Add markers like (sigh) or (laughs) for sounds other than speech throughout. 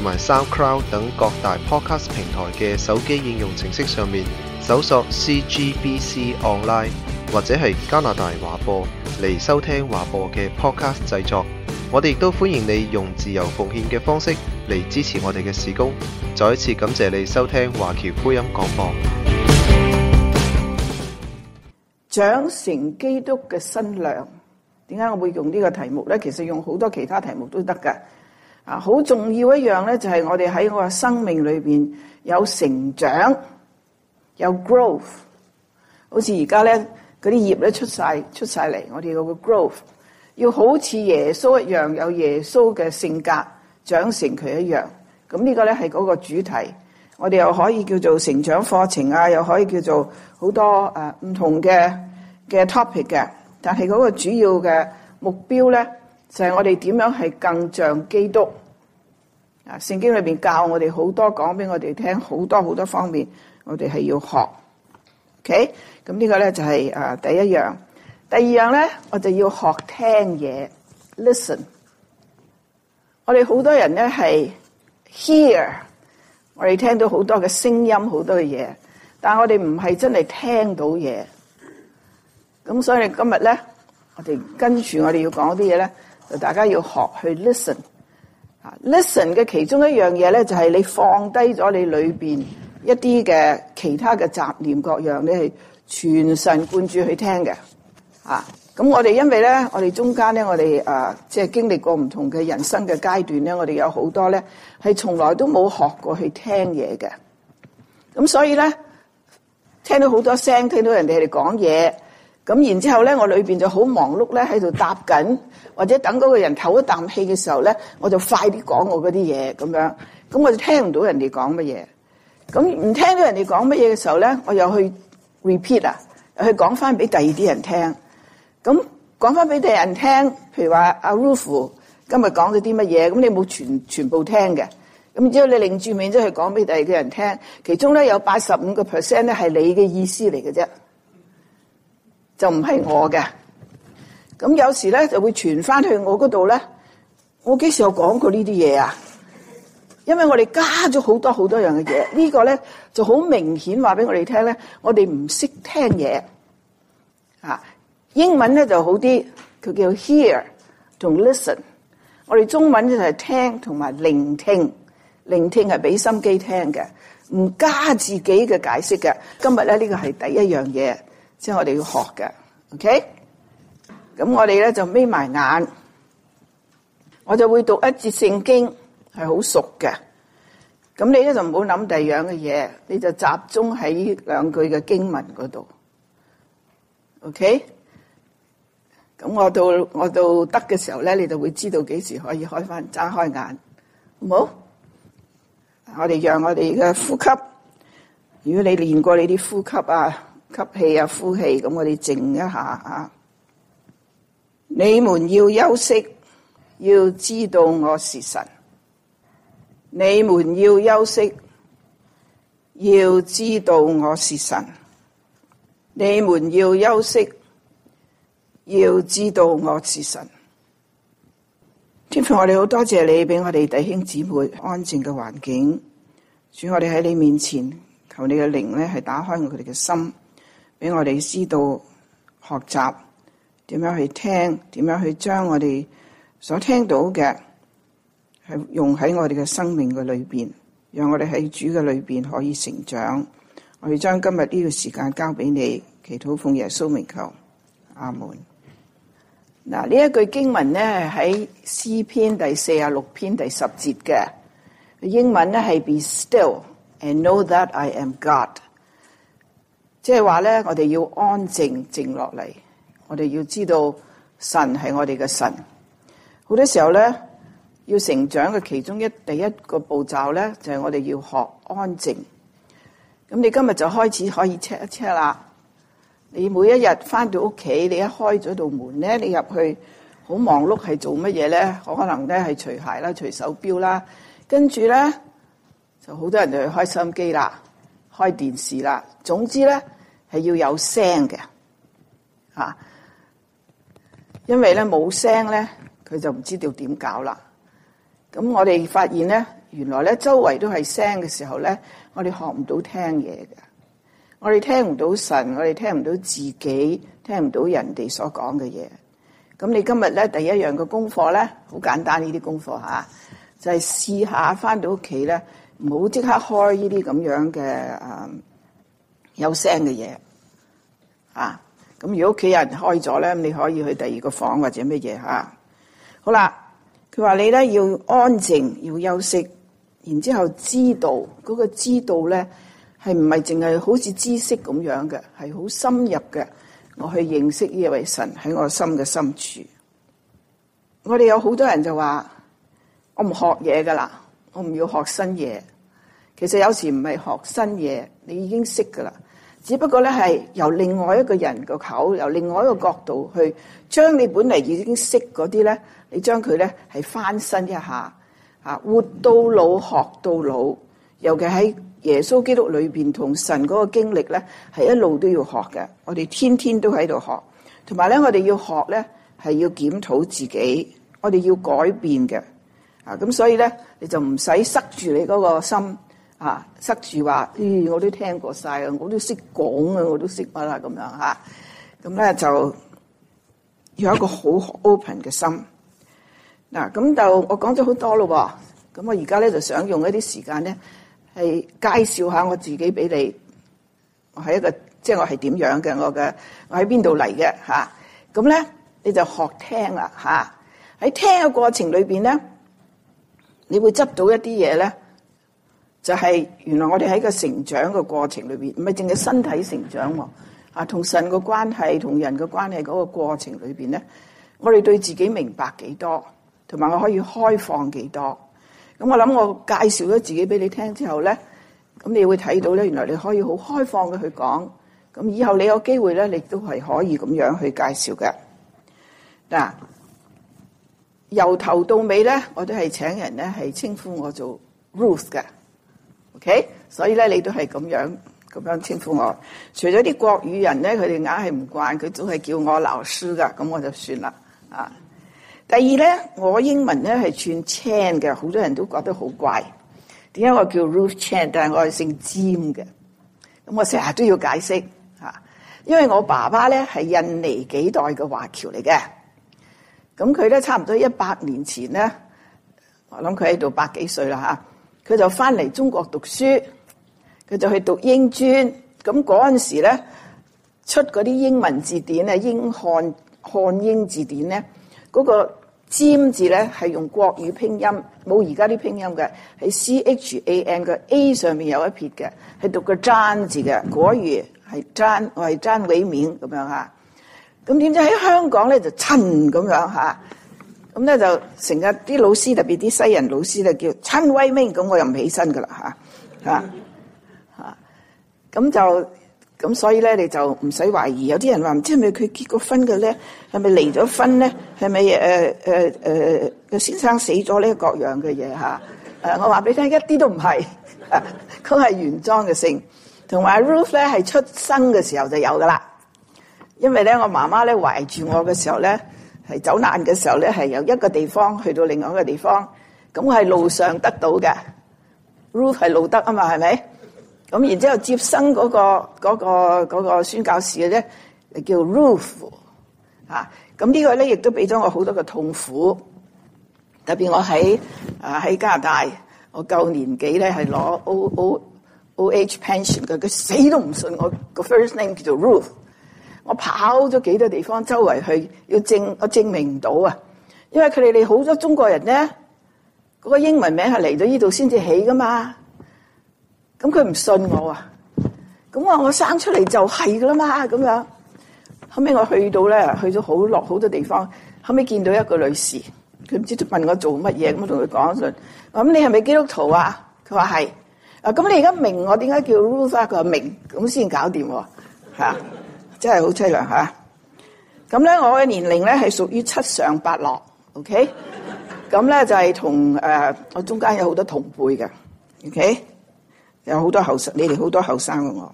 同埋 SoundCloud 等各大 Podcast 平台嘅手機應用程式上面搜索 CGBC Online 或者係加拿大華播嚟收聽華播嘅 Podcast 製作。我哋亦都歡迎你用自由奉獻嘅方式嚟支持我哋嘅事工。再一次感謝你收聽華僑福音廣播。長成基督嘅身量。點解我會用呢個題目咧？其實用好多其他題目都得噶。啊，好重要一樣咧，就係我哋喺我嘅生命裏邊有成長，有 growth 好。好似而家咧，嗰啲葉咧出晒出曬嚟，我哋有個 growth。要好似耶穌一樣，有耶穌嘅性格長成佢一樣。咁、這、呢個咧係嗰個主題。我哋又可以叫做成長課程啊，又可以叫做好多誒唔同嘅嘅 topic 嘅。但係嗰個主要嘅目標咧。就係我哋點樣係更像基督啊！聖經裏邊教我哋好多講俾我哋聽，好多好多方面，我哋係要學。OK，咁呢個咧就係第一樣，第二樣咧，我哋要學聽嘢。Listen，我哋好多人咧係 hear，我哋聽到好多嘅聲音，好多嘅嘢，但係我哋唔係真係聽到嘢。咁所以今日咧，我哋跟住我哋要講啲嘢咧。大家要學去 listen，啊，listen 嘅其中一樣嘢咧，就係你放低咗你裏面一啲嘅其他嘅雜念各樣，你係全神貫注去聽嘅，啊，咁我哋因為咧，我哋中間咧，我哋即係經歷過唔同嘅人生嘅階段咧，我哋有好多咧係從來都冇學過去聽嘢嘅，咁所以咧聽到好多聲，聽到，聽到人哋嚟講嘢。咁然之後咧，我裏面就好忙碌咧，喺度搭緊，或者等嗰個人唞一啖氣嘅時候咧，我就快啲講我嗰啲嘢咁樣。咁我就聽唔到人哋講乜嘢。咁唔聽到人哋講乜嘢嘅時候咧，我又去 repeat 啊，又去講翻俾第二啲人聽。咁講翻俾第二人聽，譬如話阿 Ruf 今日講咗啲乜嘢，咁你冇全全部聽嘅。咁之後你擰住面即係講俾第二個人聽，其中咧有八十五個 percent 咧係你嘅意思嚟嘅啫。就唔係我嘅，咁有時咧就會傳翻去我嗰度咧。我幾時有講過呢啲嘢啊？因為我哋加咗好多好多樣嘅嘢，這個、呢個咧就、啊、就好明顯話俾我哋聽咧。我哋唔識聽嘢啊！英文咧就好啲，佢叫 hear 同 listen。我哋中文就係聽同埋聆聽，聆聽係俾心機聽嘅，唔加自己嘅解釋嘅。今日咧呢、呢個係第一樣嘢。即係我哋要學嘅，OK？咁我哋咧就眯埋眼，我就會讀一節聖經，係好熟嘅。咁你呢就唔好諗第二樣嘅嘢，你就集中喺呢兩句嘅經文嗰度，OK？咁我到我到得嘅時候咧，你就會知道幾時可以開翻、睜開眼，好冇？我哋讓我哋嘅呼吸。如果你練過你啲呼吸啊～吸氣啊，呼氣，咁我哋靜一下吓。你們要休息，要知道我是神。你們要休息，要知道我是神。你們要休息，要知道我是神。嗯、天父，我哋好多謝你畀我哋弟兄姊妹安靜嘅環境。主，我哋喺你面前，求你嘅靈呢係打開我哋嘅心。俾我哋知道學習點樣去聽，點樣去將我哋所聽到嘅，係用喺我哋嘅生命嘅裏邊，讓我哋喺主嘅裏邊可以成長。我哋將今日呢個時間交俾你，祈禱奉耶穌名求，阿門。嗱，呢一句經文咧係喺詩篇第四啊六篇第十節嘅英文咧，係 Be still and know that I am God。即係話咧，我哋要安靜靜落嚟，我哋要知道神係我哋嘅神。好多時候咧，要成長嘅其中一第一個步驟咧，就係我哋要學安靜。咁你今日就開始可以 check 一 check 啦。你每一日返到屋企，你一開咗道門咧，你入去好忙碌係做乜嘢？咧可能咧係除鞋啦、除手錶啦，跟住咧就好多人就去開收音機啦、開電視啦。總之咧。係要有聲嘅，啊。因為咧冇聲咧，佢就唔知道點搞啦。咁我哋發現咧，原來咧周圍都係聲嘅時候咧，我哋學唔到聽嘢嘅，我哋聽唔到神，我哋聽唔到自己，聽唔到人哋所講嘅嘢。咁你今日咧第一樣嘅功課咧，好簡單呢啲功課吓，就係試下翻到屋企咧，唔好即刻開呢啲咁樣嘅誒，嗯有聲嘅嘢，啊，如果屋企人開咗咧，你可以去第二個房或者乜嘢吓、啊。好啦，佢話你呢要安靜，要休息，然後知道嗰、嗰個知道咧係唔係淨係好似知識咁樣嘅，係好深入嘅。我去認識呢位神喺我心嘅深處。我哋有好多人就話我唔學嘢噶啦，我唔要學新嘢。其實有時唔係學新嘢，你已經識噶啦。只不過咧，係由另外一個人個口，由另外一個角度去將你本嚟已經識嗰啲咧，你將佢咧係翻新一下嚇，活到老學到老。尤其喺耶穌基督裏邊，同神嗰個經歷咧，係一路都要學嘅。我哋天天都喺度學，同埋咧我哋要學咧係要檢討自己，我哋要改變嘅啊！咁所以咧，你就唔使塞住你嗰個心。啊！塞住話，咦、嗯！我都聽過晒，我都識講啊，我都識乜啦咁樣。咁咧就有一個好 open 嘅心。嗱，咁就我講咗好多咯。咁我而家咧就想用一啲時間咧，係介紹下我自己俾你。我係一個即係、就是、我係點樣嘅，我嘅我喺邊度嚟嘅。咁咧你就學聽啦。喺聽嘅過程裏邊咧，你會執到一啲嘢咧。就係原來我哋喺個成長嘅過程裏面，唔係淨係身體成長喎。同神嘅關係，同人嘅關係嗰個過程裏面咧，我哋對自己明白幾多，同埋我可以開放幾多。咁我諗我介紹咗自己俾你聽之後咧，咁你會睇到咧，原來你可以好開放嘅去講。咁以後你有機會咧，你都係可以咁樣去介紹嘅。嗱，由頭到尾咧，我都係請人咧係稱呼我做 Ruth 嘅。OK，所以咧，你都係咁樣咁樣稱呼我。除咗啲國語人咧，佢哋硬係唔慣，佢總係叫我老師噶，咁我就算啦。啊，第二咧，我英文咧係串 Chan 嘅，好多人都覺得好怪。點解我叫 Ruth Chan？但係我係姓詹嘅。咁我成日都要解釋嚇，因為我爸爸咧係印尼幾代嘅華僑嚟嘅。咁佢咧差唔多一百年前咧，我諗佢喺度百幾歲啦嚇。佢就翻嚟中國讀書，佢就去讀英專。咁嗰陣時咧，出嗰啲英文字典咧，英漢漢英字典咧，嗰、那個詹字咧係用國語拼音，冇而家啲拼音嘅，喺 C H A N 嘅 A 上面有一撇嘅，係讀個詹字嘅。嗰月係詹，係詹維明咁樣嚇。咁點知喺香港咧就親咁樣嚇。咁咧就成日啲老師，特別啲西人老師咧叫詹維明咁，我又唔起身噶啦，嚇嚇嚇！咁、啊、就咁，所以咧你就唔使懷疑。有啲人話唔知係咪佢結過婚嘅咧，係咪離咗婚咧，係咪誒誒誒嘅先生死咗呢？各樣嘅嘢嚇誒，我話俾你聽，一啲都唔係。佢、啊、係原裝嘅姓，同埋 Ruth 咧係出生嘅時候就有噶啦，因為咧我媽媽咧懷住我嘅時候咧。走難嘅時候咧，係由一個地方去到另外一個地方，咁係路上得到嘅。Ruth 係路德啊嘛，係咪？咁然之後接生嗰個嗰個嗰個嗰個宣教師咧，叫 Ruth 啊。咁呢個咧，亦都俾咗我好多嘅痛苦。特別我喺啊喺加拿大，我舊年紀咧係攞 O O O H pension 嘅，佢死都唔信我個 first name 叫做 Ruth。我跑咗幾多地方周圍去，要證我證明唔到啊！因為佢哋哋好多中國人咧，嗰個英文名係嚟咗呢度先至起噶嘛。咁佢唔信我啊！咁我我生出嚟就係噶啦嘛，咁樣。後尾我去到咧，去咗好落好多地方。後尾見到一個女士，佢唔知問我做乜嘢，咁我同佢講一輪。咁你係咪基督徒啊？佢話係。啊咁，你而家明我點解叫 Luther？佢話明，咁先搞掂喎，啊真係好凄涼嚇，咁咧，我嘅年齡咧係屬於七上八落，OK？咁咧就係同誒我中間有好多同輩嘅，OK？有好多後生，你哋好多後生嘅我。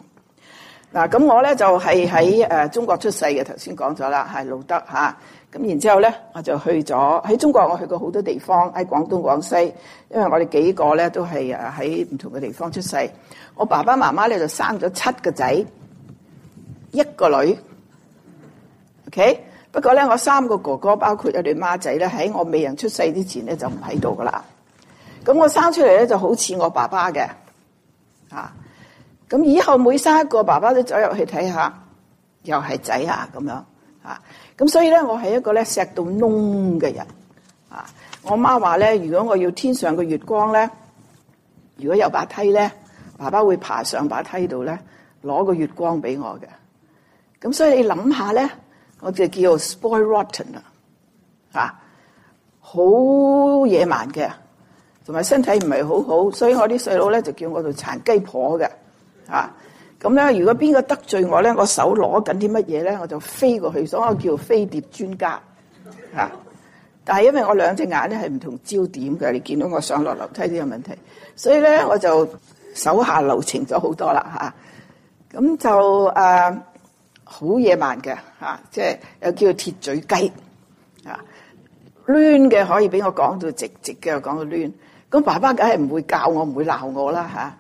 嗱，咁我咧就係誒喺中國出世嘅，頭先講咗啦，係老德嚇。咁然之後咧，我就去咗喺中國，我去過好多地方，喺廣東、廣西，因為我哋幾個咧都係誒喺唔同嘅地方出世。我爸爸媽媽咧就生咗七個仔。一個女，OK。不過咧，我三個哥哥包括我哋孖仔咧，喺我未人出世之前咧就唔喺度噶啦。咁我生出嚟咧就好似我爸爸嘅，啊。咁以後每生一個爸爸都走入去睇下，又係仔啊咁樣，啊。咁所以咧，我係一個咧錫到窿嘅人，啊。我媽話咧，如果我要天上嘅月光咧，如果有把梯咧，爸爸會爬上把梯度咧攞個月光俾我嘅。咁所以你諗下咧，我就叫做 spoiled rotten 啦、啊，嚇，好野蠻嘅，同埋身體唔係好好，所以我啲細佬咧就叫我做殘雞婆嘅，嚇、啊。咁咧，如果邊個得罪我咧，我手攞緊啲乜嘢咧，我就飛過去，所以我叫飛碟專家，嚇、啊。但係因為我兩隻眼咧係唔同焦點嘅，你見到我上落樓梯都有問題，所以咧我就手下留情咗好多啦嚇。咁、啊、就誒。啊好野蠻嘅，吓，即係又叫做鐵嘴雞，啊，攣嘅可以俾我講到直直嘅，又講到攣。咁爸爸梗係唔會教我，唔會鬧我啦，吓。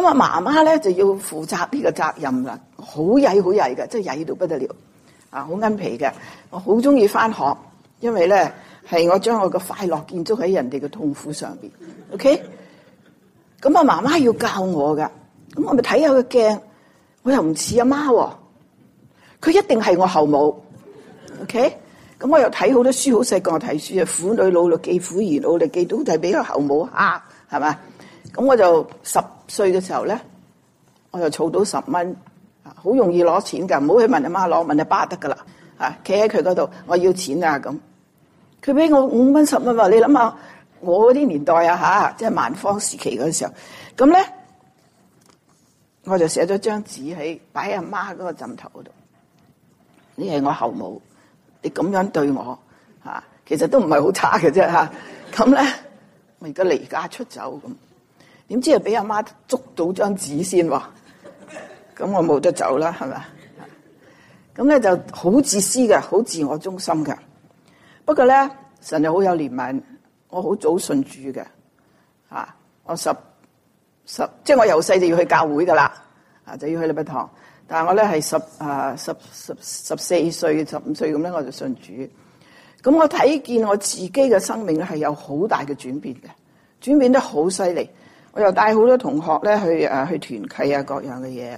咁啊，媽媽咧就要負責呢個責任啦，好曳好曳嘅，即係曳到不得了，啊，好恩皮嘅。我好中意返學，因為咧係我將我個快樂建築喺人哋嘅痛苦上邊。OK，咁啊，媽媽要教我噶，咁我咪睇下個鏡，我又唔似阿媽。佢一定係我後母，OK？咁我又睇好多書，好細個我睇書啊！苦女努力記、苦兒努力記到就係俾個後母吓，係嘛？咁我就十歲嘅時候咧，我就儲到十蚊，好容易攞錢㗎，唔好去問阿媽攞，問阿爸得㗎啦，啊！企喺佢嗰度，我要錢啊！咁佢俾我五蚊十蚊，你諗下我嗰啲年代啊吓，即係萬方時期嗰時候，咁咧我就寫咗張紙喺擺喺阿媽嗰個枕頭度。你係我後母，你咁樣對我吓，其實都唔係好差嘅啫吓，咁咧我而家離家出走咁，點知係俾阿媽捉到張紙先喎，咁我冇得走啦係咪？咁咧就好自私嘅，好自我中心嘅。不過咧，神就好有憐憫，我好早信主嘅，吓我十十即係我由細就要去教會噶啦，啊就要去禮拜堂。但係我咧係十啊十十十四歲、十五歲，咁咧我就信主，咁我睇見我自己嘅生命咧係有好大嘅轉變嘅，轉變得好犀利。我又帶好多同學咧去誒、啊、去團契啊各樣嘅嘢，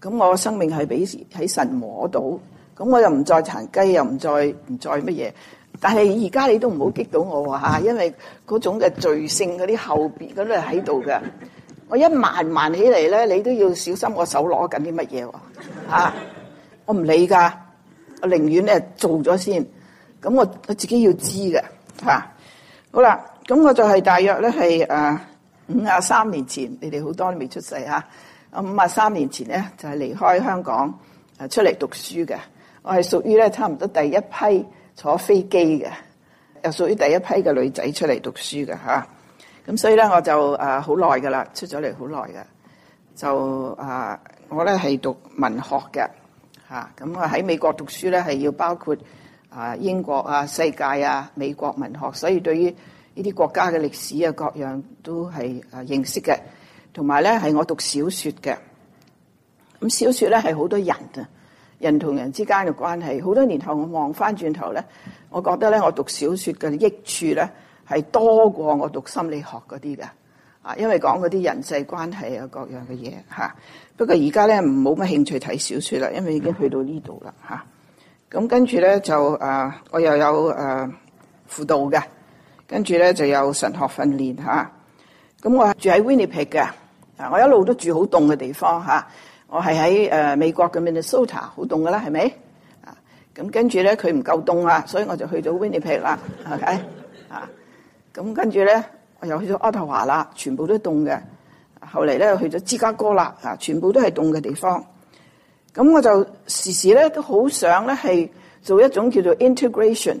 咁我生命係俾喺神摸到，咁我又唔再殘雞，又唔再唔再乜嘢。但係而家你都唔好激到我啊，因為嗰種嘅罪性嗰啲後邊嗰啲係喺度嘅。我一慢慢起嚟咧，你都要小心我手攞緊啲乜嘢喎？嚇！我唔理噶，我寧願咧做咗先。咁我我自己要知嘅嚇。好啦，咁我就係大約咧係誒五啊三年前，你哋好多都未出世嚇。啊五啊三年前咧就係、是、離開香港誒出嚟讀書嘅，我係屬於咧差唔多第一批坐飛機嘅，又屬於第一批嘅女仔出嚟讀書嘅嚇。咁所以咧，我就誒好耐噶啦，出咗嚟好耐噶，就誒、啊、我咧係讀文學嘅。咁我喺美國讀書咧，係要包括啊英國啊、世界啊、美國文學，所以對於呢啲國家嘅歷史啊各樣都係、啊、認識嘅。同埋咧，係我讀小説嘅。咁小説咧係好多人啊，人同人之間嘅關係。好多年後我望翻轉頭咧，我覺得咧，我讀小説嘅益處咧，係多過我讀心理學嗰啲㗎，啊，因為講嗰啲人際關係啊，各樣嘅嘢嚇。不過而家咧唔冇乜興趣睇小説啦，因為已經去到這裡了、啊嗯、著呢度啦嚇。咁跟住咧就誒、呃，我又有誒、呃、輔導嘅，跟住咧就有神學訓練嚇。咁、啊嗯、我住喺 Winnipeg 嘅、啊，我一路都住好凍嘅地方嚇。我係喺誒美國嘅 Minnesota 好凍嘅啦，係咪？啊，咁、呃啊嗯、跟住咧佢唔夠凍啊，所以我就去到 Winnipeg 啦，係、okay? 咪啊？咁跟住咧，我又去咗渥太華啦，全部都凍嘅。後嚟咧去咗芝加哥啦，啊，全部都係凍嘅地方。咁我就時時咧都好想咧係做一種叫做 integration，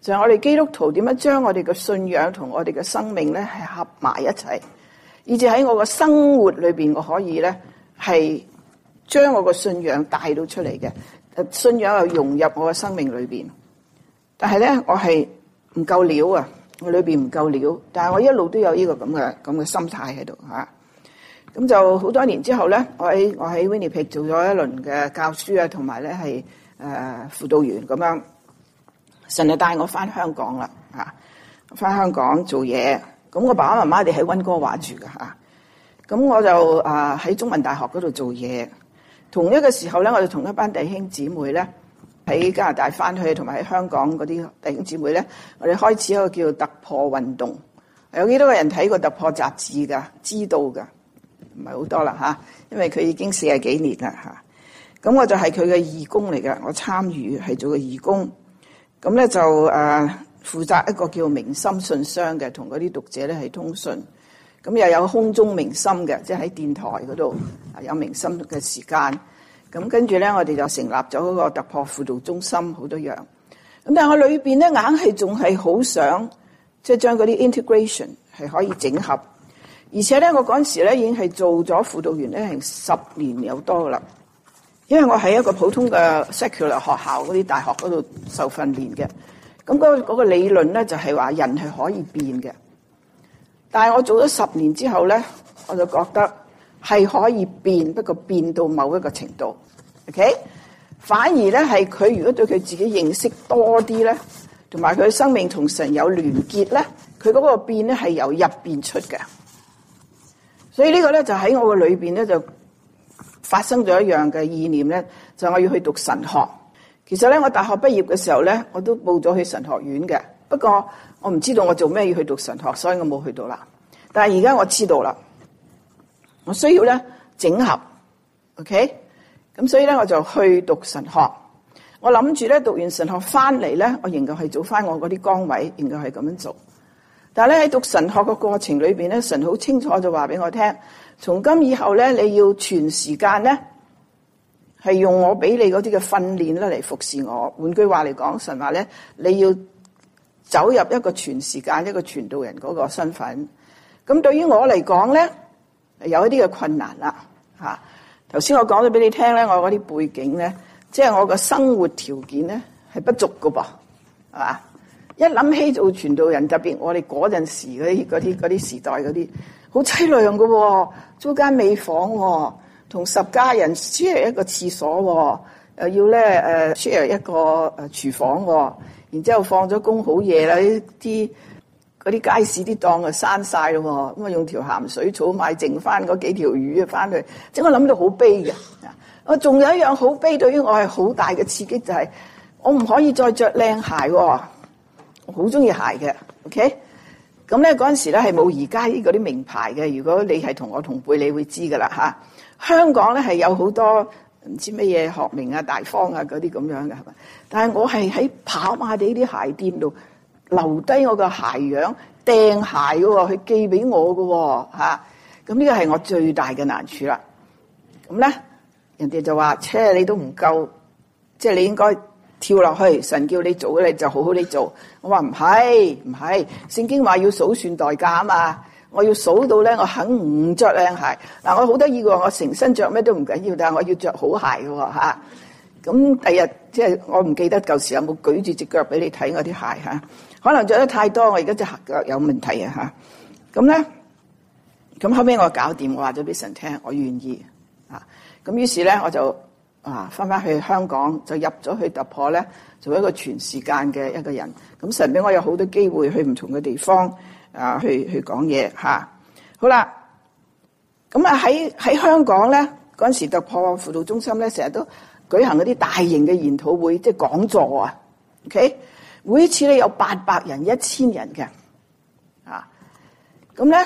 就係我哋基督徒點樣將我哋嘅信仰同我哋嘅生命咧係合埋一齊，以致喺我嘅生活裏面，我可以咧係將我嘅信仰帶到出嚟嘅，信仰又融入我嘅生命裏面。但係咧，我係唔夠料啊！我裏邊唔夠料，但係我一路都有呢、呢個咁嘅咁嘅心態喺度嚇。咁、啊、就好多年之後咧，我喺我喺 Winnipeg 做咗一輪嘅教書和、呃、輔啊，同埋咧係誒輔導員咁樣。神就帶我返香港啦嚇，返香港做嘢。咁我爸爸媽媽哋喺溫哥華住嘅嚇。咁、啊、我就啊喺中文大學嗰度做嘢。同一個時候咧，我就同一班弟兄姊妹咧。喺加拿大翻去，同埋喺香港嗰啲弟兄姊妹咧，我哋開始一個叫突破運動，有幾多個人睇過突破雜誌噶？知道噶，唔係好多啦吓，因為佢已經四十幾年啦吓，咁我就係佢嘅義工嚟嘅，我參與係做個義工。咁咧就誒負責一個叫明心信箱嘅，同嗰啲讀者咧係通訊，咁又有空中明心嘅，即係喺電台嗰度啊有明心嘅時間。咁跟住咧，我哋就成立咗嗰個突破輔導中心，好多樣。咁但係我裏面咧，硬係仲係好想即係將嗰啲 integration 係可以整合。而且咧，我嗰陣時咧已經係做咗輔導員咧，係十年有多啦。因為我喺一個普通嘅 secular 學校嗰啲大學嗰度受訓練嘅。咁嗰個個理論咧就係話人係可以變嘅。但係我做咗十年之後咧，我就覺得。係可以變，不過變到某一個程度，OK。反而咧，係佢如果對佢自己認識多啲咧，同埋佢生命同神有連結咧，佢嗰個變咧係由入變出嘅。所以呢個咧就喺我嘅裏面咧就發生咗一樣嘅意念咧，就係我要去讀神學。其實咧，我大學畢業嘅時候咧，我都報咗去神學院嘅，不過我唔知道我做咩要去讀神學，所以我冇去到啦。但係而家我知道啦。我需要咧整合，OK，咁所以咧我就去讀神學。我諗住咧讀完神學翻嚟，咧，我仍舊係做翻我嗰啲崗位，仍舊係咁樣做。但係咧喺讀神學嘅過程裏邊咧，神好清楚就話俾我聽：從今以後咧，你要全時間咧係用我俾你嗰啲嘅訓練咧嚟服侍我。換句話嚟講，神話咧你要走入一個全時間一個傳道人嗰個身份。咁對於我嚟講咧。有一啲嘅困難啦嚇，頭先我講咗俾你聽咧，我嗰啲背景咧，即係我個生活條件咧係不足嘅噃，係嘛？一諗起做傳道人，特別我哋嗰陣時嗰啲啲啲時代嗰啲，好淒涼嘅喎，租間美房喎，同十家人 share 一個廁所喎，要咧誒 share 一個誒廚房喎，然之後放咗工好夜啦啲。啲街市啲檔啊，閂晒咯，咁啊用條鹹水草買剩翻嗰幾條魚啊，翻去，即係我諗到好悲嘅。我仲有一樣好悲的，對於我係好大嘅刺激，就係、是、我唔可以再着靚鞋喎。我好中意鞋嘅，OK？咁咧嗰陣時咧係冇而家嗰啲名牌嘅。如果你係同我同輩，你會知噶啦嚇。香港咧係有好多唔知乜嘢學名啊、大方啊嗰啲咁樣嘅，係嘛？但係我係喺跑馬地啲鞋店度，留低我個鞋樣，掟鞋嘅，佢寄俾我嘅，吓。咁呢個係我最大嘅難處啦。咁咧，人哋就話，車你都唔夠，即係你應該跳落去，神叫你做嘅，你就好好地做。我話唔係，唔係，聖經話要數算代價啊嘛，我要數到咧，我肯唔着靚鞋。嗱，我好得意嘅，我成身着咩都唔緊要，但係我要着好鞋嘅，吓。咁第日即係我唔記得舊時有冇舉住隻腳俾你睇我啲鞋吓。可能着得太多，我而家隻腳有問題啊！嚇，咁咧，咁後尾我搞掂，我話咗俾神聽，我願意于我啊！咁於是咧，我就啊翻翻去香港，就入咗去突破咧，做一個全時間嘅一個人。咁神俾我有好多機會去唔同嘅地方啊，去去講嘢嚇。好啦，咁啊喺喺香港咧，嗰陣時突破輔導中心咧，成日都舉行嗰啲大型嘅研討會，即係講座啊，OK。每一次咧有八百人、一千人嘅，啊，咁咧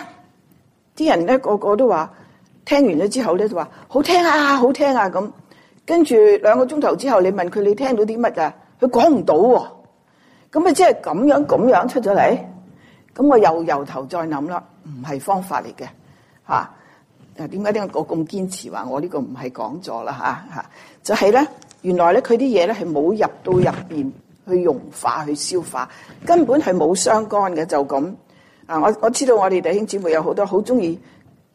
啲人咧個個都話聽完咗之後咧就話好聽啊、好聽啊咁，跟住兩個鐘頭之後你問佢你聽到啲乜啊，佢講唔到喎，咁咪即係咁樣咁樣出咗嚟，咁我又由頭再諗啦，唔係方法嚟嘅，吓、啊，誒點解點解我咁堅持話我呢個唔係講座啦吓吓，就係、是、咧原來咧佢啲嘢咧係冇入到入邊。去融化去消化，根本係冇相干嘅，就咁啊！我我知道我哋弟兄姊妹有好多好中意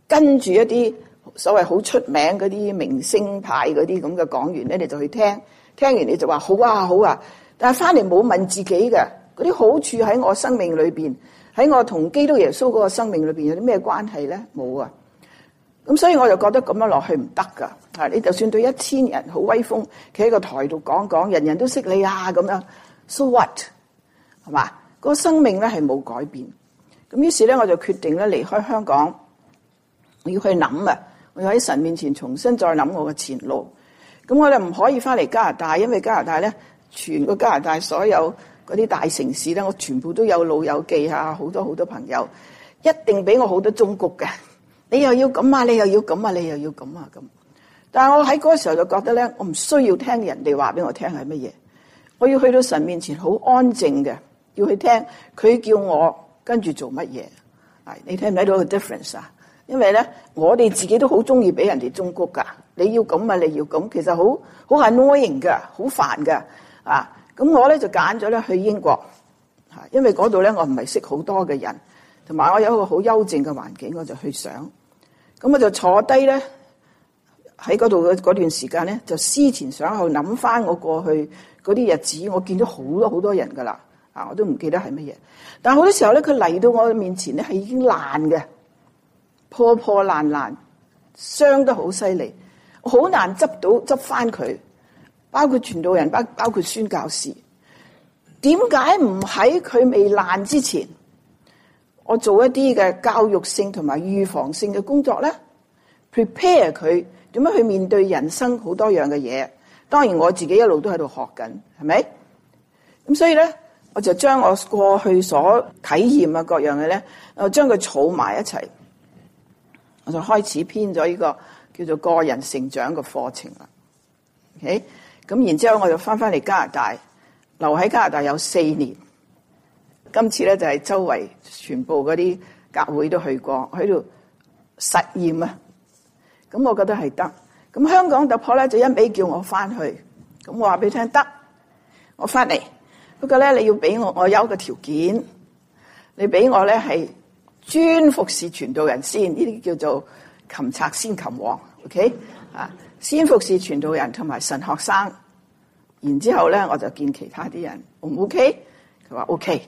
跟住一啲所謂好出名嗰啲明星派嗰啲咁嘅講員咧，你就去聽，聽完你就話好啊好啊，但係翻嚟冇問自己嘅嗰啲好處喺我生命裏邊，喺我同基督耶穌嗰個生命裏邊有啲咩關係咧？冇啊！咁所以我就覺得咁樣落去唔得噶，啊！你就算對一千人好威風，企喺個台度講講，人人都識你啊咁樣，So what？係嘛？嗰個生命咧係冇改變。咁於是咧，我就決定咧離開香港。我要去諗啊！我要喺神面前重新再諗我嘅前路。咁我就唔可以翻嚟加拿大，因為加拿大咧，全個加拿大所有嗰啲大城市咧，我全部都有老友記啊，好多好多朋友，一定俾我好多忠告嘅。你又要咁啊！你又要咁啊！你又要咁啊！咁，但係我喺嗰個時候就覺得咧，我唔需要聽人哋話俾我聽係乜嘢，我要去到神面前好安靜嘅，要去聽佢叫我跟住做乜嘢。你睇唔睇到個 difference 啊？因為咧，我哋自己都好中意俾人哋中谷噶，你要咁啊，你要咁，其實好好係 annoying 噶，好煩噶。啊，咁我咧就揀咗咧去英國，吓，因為嗰度咧我唔係識好多嘅人，同埋我有一個好幽靜嘅環境，我就去想。咁我就坐低咧，喺嗰度嘅嗰段時間咧，就思前想後，諗翻我過去嗰啲日子，我見到好多好多人噶啦，啊，我都唔記得係乜嘢。但好多時候咧，佢嚟到我面前咧，係已經爛嘅，破破爛爛傷得好犀利，好難執到執翻佢。包括傳道人，包包括宣教士，點解唔喺佢未爛之前？我做一啲嘅教育性同埋預防性嘅工作咧，prepare 佢點樣去面對人生好多樣嘅嘢。當然我自己一路都喺度學緊，係咪？咁所以咧，我就將我過去所體驗啊各樣嘅咧，我將佢儲埋一齊，我就開始編咗呢個叫做個人成長嘅課程啦。OK，咁然之後我就翻翻嚟加拿大，留喺加拿大有四年。今次咧就係周圍全部嗰啲教會都去過，喺度實驗啊！咁我覺得係得。咁香港突破呢，咧就一味叫我翻去，咁我話俾你聽得，我翻嚟。不過咧你要俾我，我有個條件，你俾我咧係專服侍傳道人先，呢啲叫做擒賊先擒王，OK？啊，先服侍傳道人同埋神學生，然之後咧我就見其他啲人，O 唔 OK？佢話 OK。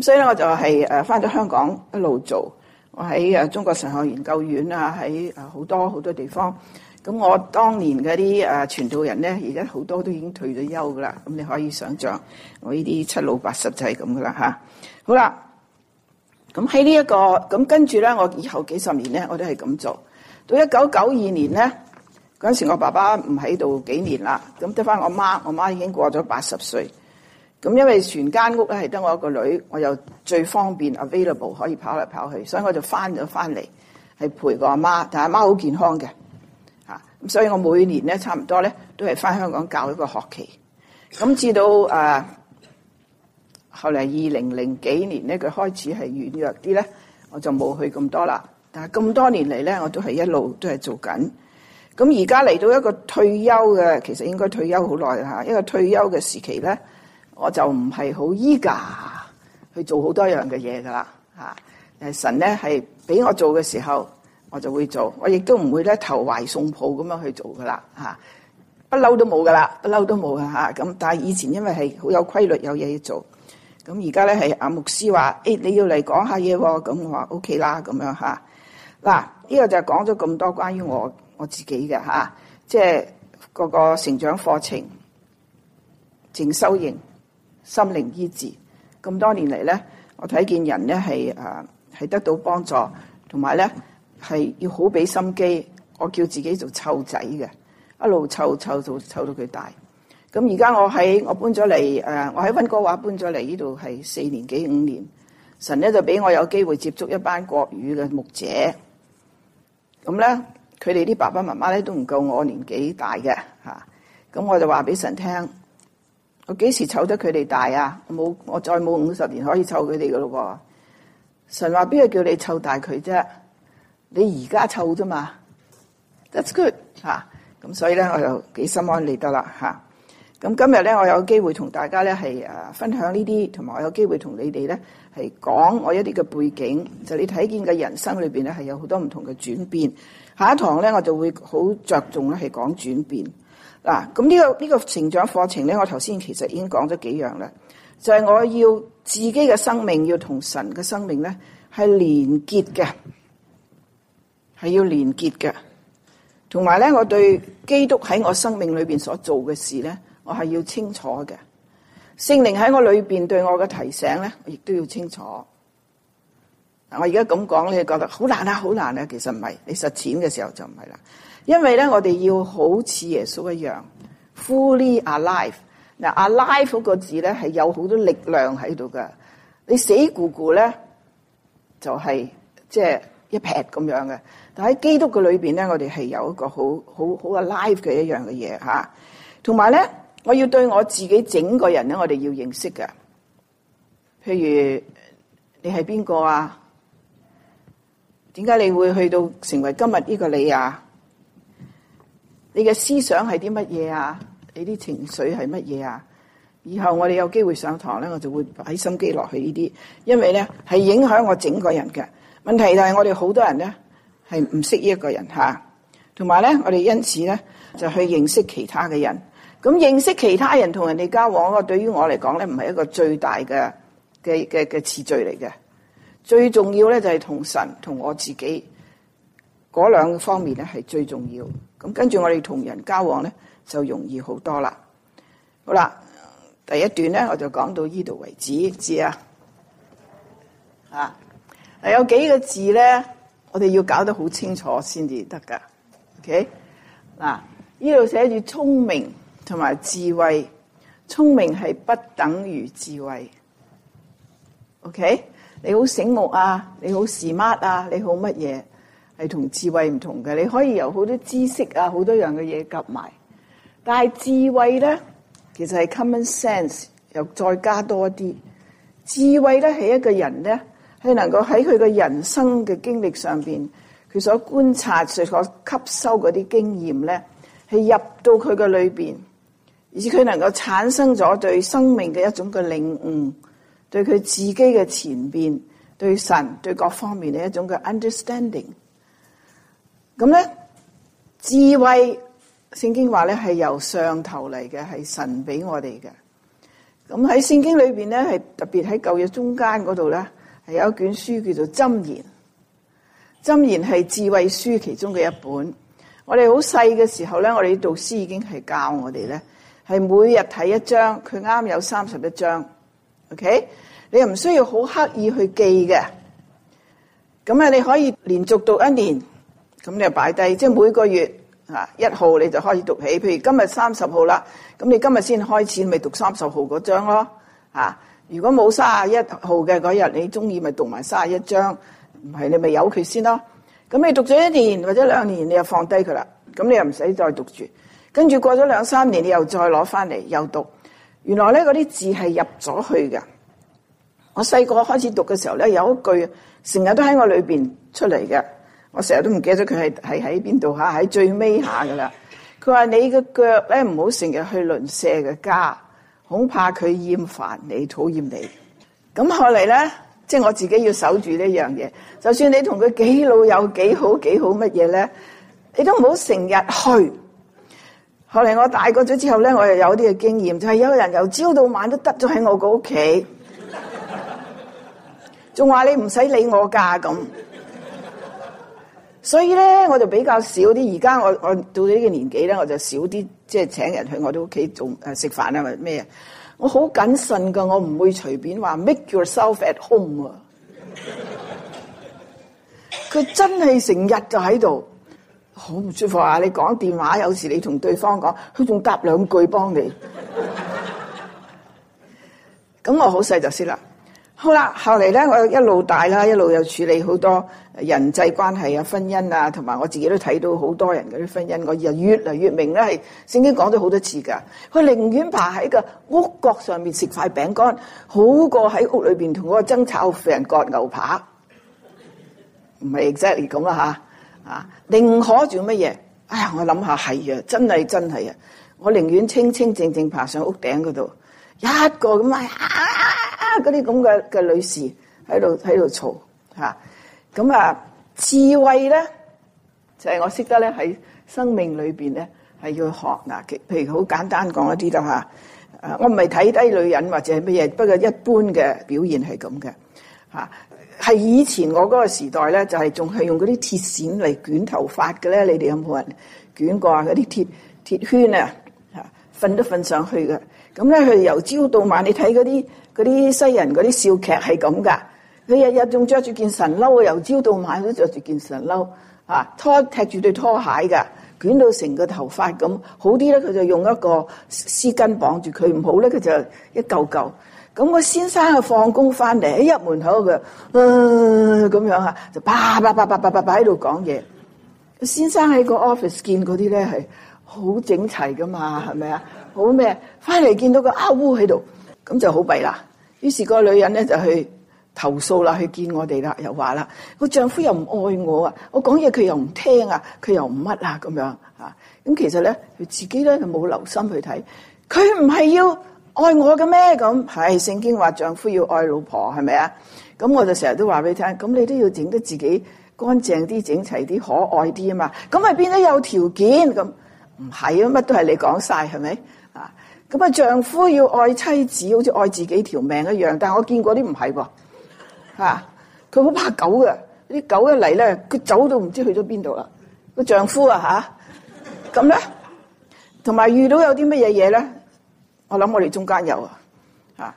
所以咧，我就係返翻咗香港一路做，我喺中國神學研究院啊，喺好多好多地方。咁我當年嗰啲誒傳道人咧，而家好多都已經退咗休噶啦。咁你可以想象，我呢啲七老八十就係咁噶啦吓，好啦，咁喺呢一個，咁跟住咧，我以後幾十年咧，我都係咁做。到一九九二年咧，嗰時我爸爸唔喺度幾年啦，咁得翻我媽，我媽已經過咗八十歲。咁因為全間屋咧係得我一個女，我又最方便 available 可以跑嚟跑去，所以我就翻咗翻嚟係陪個阿媽。但阿媽好健康嘅嚇，咁所以我每年咧差唔多咧都係翻香港教一個學期。咁至到誒、啊、後嚟二零零幾年咧，佢開始係軟弱啲咧，我就冇去咁多啦。但係咁多年嚟咧，我都係一路都係做緊。咁而家嚟到一個退休嘅，其實應該退休好耐嚇，一個退休嘅時期咧。我就唔係好依家去做好多樣嘅嘢噶啦，吓！誒，神咧係俾我做嘅時候，我就會做，我亦都唔會咧投懷送抱咁樣去做噶啦，吓、啊！不嬲都冇噶啦，不嬲都冇㗎。吓、啊！咁但係以前因為係好有規律，有嘢要做，咁而家咧係阿牧師話：誒、欸，你要嚟講下嘢、哦，咁、啊、我話 OK 啦，咁樣吓。嗱、啊，呢、這個就講咗咁多關於我我自己嘅吓，即、啊、係、就是、個個成長課程淨修型。心靈醫治咁多年嚟咧，我睇見人咧係誒係得到幫助，同埋咧係要好俾心機。我叫自己做湊仔嘅，一路湊湊到湊到佢大。咁而家我喺我搬咗嚟，誒，我喺溫哥華搬咗嚟呢度係四年幾五年。神咧就俾我有機會接觸一班國語嘅牧者。咁咧，佢哋啲爸爸媽媽咧都唔夠我年紀大嘅吓。咁、啊、我就話俾神聽。我幾時湊得佢哋大啊？冇我再冇五十年可以湊佢哋㗎咯喎！神話邊個叫你湊大佢啫？你而家湊啫嘛？That's good 吓，咁所以咧，我又幾心安理得啦吓。咁今日咧，我有機會同大家咧係、啊、分享呢啲，同埋我有機會同你哋咧係講我一啲嘅背景，就你睇見嘅人生裏邊咧係有好多唔同嘅轉變。下一堂咧，我就會好着重咧係講轉變。嗱，咁呢個呢個成長課程咧，我頭先其實已經講咗幾樣啦，就係、是、我要自己嘅生命要同神嘅生命咧係連結嘅，係要連結嘅。同埋咧，我對基督喺我生命裏邊所做嘅事咧，我係要清楚嘅。聖靈喺我裏邊對我嘅提醒咧，我亦都要清楚。我而家咁講，你就覺得好難啊，好難啊。其實唔係，你實踐嘅時候就唔係啦。因為咧，我哋要好似耶穌一樣、mm hmm. fully alive。嗱，alive 嗰個字咧係有好多力量喺度噶你死固固咧，就係即係一撇咁樣嘅。但喺基督嘅裏邊咧，我哋係有一個好好好 alive 嘅一樣嘅嘢吓。同埋咧，我要對我自己整個人咧，我哋要認識噶譬如你係邊個啊？點解你會去到成為今日呢個你啊？你嘅思想係啲乜嘢啊？你啲情緒係乜嘢啊？以後我哋有機會上堂咧，我就會擺心機落去呢啲，因為咧係影響我整個人嘅。問題就係我哋好多人咧係唔識呢一個人吓，同埋咧我哋因此咧就去認識其他嘅人，咁認識其他人同人哋交往，對於我對於我嚟講咧唔係一個最大嘅嘅嘅嘅次序嚟嘅，最重要咧就係、是、同神同我自己。嗰兩個方面咧係最重要，咁跟住我哋同人交往咧就容易好多啦。好啦，第一段咧我就講到呢度為止，知啊？啊，有幾個字咧，我哋要搞得好清楚先至得噶。OK，嗱，呢度寫住聰明同埋智慧，聰明係不等於智慧。OK，你好醒目啊，你好 smart 啊，你好乜嘢？係同智慧唔同嘅，你可以由好多知識啊，好多樣嘅嘢夾埋。但係智慧咧，其實係 common sense 又再加多啲智慧咧，係一個人咧係能夠喺佢嘅人生嘅經歷上面，佢所觀察、佢所吸收嗰啲經驗咧，係入到佢嘅裏面，而且佢能夠產生咗對生命嘅一種嘅領悟，對佢自己嘅前邊，對神、對各方面嘅一種嘅 understanding。咁咧，智慧聖經話咧係由上頭嚟嘅，係神俾我哋嘅。咁喺聖經裏邊咧，係特別喺舊約中間嗰度咧，係有一卷書叫做《箴言》，箴言係智慧書其中嘅一本。我哋好細嘅時候咧，我哋啲導師已經係教我哋咧，係每日睇一章，佢啱有三十一章。OK，你又唔需要好刻意去記嘅。咁啊，你可以連續讀一年。咁你就擺低，即係每個月啊，一號你就開始讀起。譬如今日三十號啦，咁你今日先開始，咪讀三十號嗰張咯。啊，如果冇三十一號嘅嗰日，你中意咪讀埋三十一張。唔係你咪有佢先咯。咁你讀咗一年或者兩年，你又放低佢啦。咁你又唔使再讀住。跟住過咗兩三年，你又再攞翻嚟又讀。原來咧，嗰啲字係入咗去嘅。我細個開始讀嘅時候咧，有一句成日都喺我裏面出嚟嘅。我成日都唔記得咗佢係喺邊度，下喺最尾下㗎喇。佢話：你個腳咧，唔好成日去鄰舍嘅家，恐怕佢厭煩你，討厭你。咁後嚟咧，即係我自己要守住呢樣嘢。就算你同佢幾老友，幾好幾好乜嘢咧，你都唔好成日去。後嚟我大個咗之後咧，我又有啲嘅經驗，就係有人由朝到晚都得咗喺我個屋企，仲話你唔使理我㗎噉。所以咧，我就比較少啲。而家我我到呢個年紀咧，我就少啲即係請人去我哋屋企做誒食飯啊，或者咩啊。我好謹慎噶，我唔會隨便話 make yourself at home。佢 (laughs) 真係成日就喺度，好唔舒服啊！你講電話，有時你同對方講，佢仲搭兩句幫你。咁 (laughs) 我好細就識啦。好啦，後嚟咧，我一路大啦，一路又處理好多人際關係啊、婚姻啊，同埋我自己都睇到好多人嗰啲婚姻，我越嚟越明咧。聖經講咗好多次㗎，佢寧願爬喺個屋角上面食塊餅乾，好過喺屋裏面同嗰個爭吵肥人割牛扒，唔係 (laughs) exactly 咁啦吓啊！寧可做乜嘢？哎呀，我諗下係啊，真係真係啊！我寧願清清靜靜爬上屋頂嗰度一個咁啊～啊！嗰啲咁嘅嘅女士喺度喺度嘈嚇咁啊！智慧咧就係、是、我識得咧喺生命裏邊咧係要學嗱，其、啊、譬如好簡單講一啲啦，吓，誒，我唔係睇低女人或者係乜嘢，不過一般嘅表現係咁嘅嚇。係、啊、以前我嗰個時代咧，就係仲係用嗰啲鐵線嚟捲頭髮嘅咧。你哋有冇人捲過那些鐵鐵圈啊？嗰啲鐵鐵圈啊嚇，瞓都瞓上去嘅。咁、啊、咧，佢由朝到晚，你睇嗰啲。嗰啲西人嗰啲笑劇係咁噶，佢日日仲着住件神褸，由朝到晚都着住件神褸，啊拖踢住對拖鞋噶，捲到成個頭髮咁。好啲咧，佢就用一個絲巾綁住佢；唔好咧，佢就一嚿嚿。咁個先生啊，放工翻嚟一入門口佢，咁樣啊，就啪啪啪啪啪喺度講嘢。先生喺個 office 見嗰啲咧係好整齊噶嘛，係咪啊？好咩？翻嚟見到個阿喎，喺度。咁就好弊啦。於是個女人咧就去投訴啦，去見我哋啦，又話啦：個丈夫又唔愛我啊！我講嘢佢又唔聽啊，佢又唔乜啊咁樣嚇。咁、嗯、其實咧，佢自己咧就冇留心去睇，佢唔係要愛我嘅咩？咁係聖經話丈夫要愛老婆係咪啊？咁我就成日都話俾你聽，咁你都要整得自己乾淨啲、整齊啲、可愛啲啊嘛。咁咪變得有條件咁，唔係啊乜都係你講晒，係咪？咁啊，丈夫要愛妻子，好似愛自己條命一樣。但係我見過啲唔係喎，嚇佢好怕狗㗎。啲狗一嚟咧，佢走都唔知去咗邊度啦。個丈夫啊嚇，咁咧，同埋遇到有啲乜嘢嘢咧，我諗我哋中間有啊，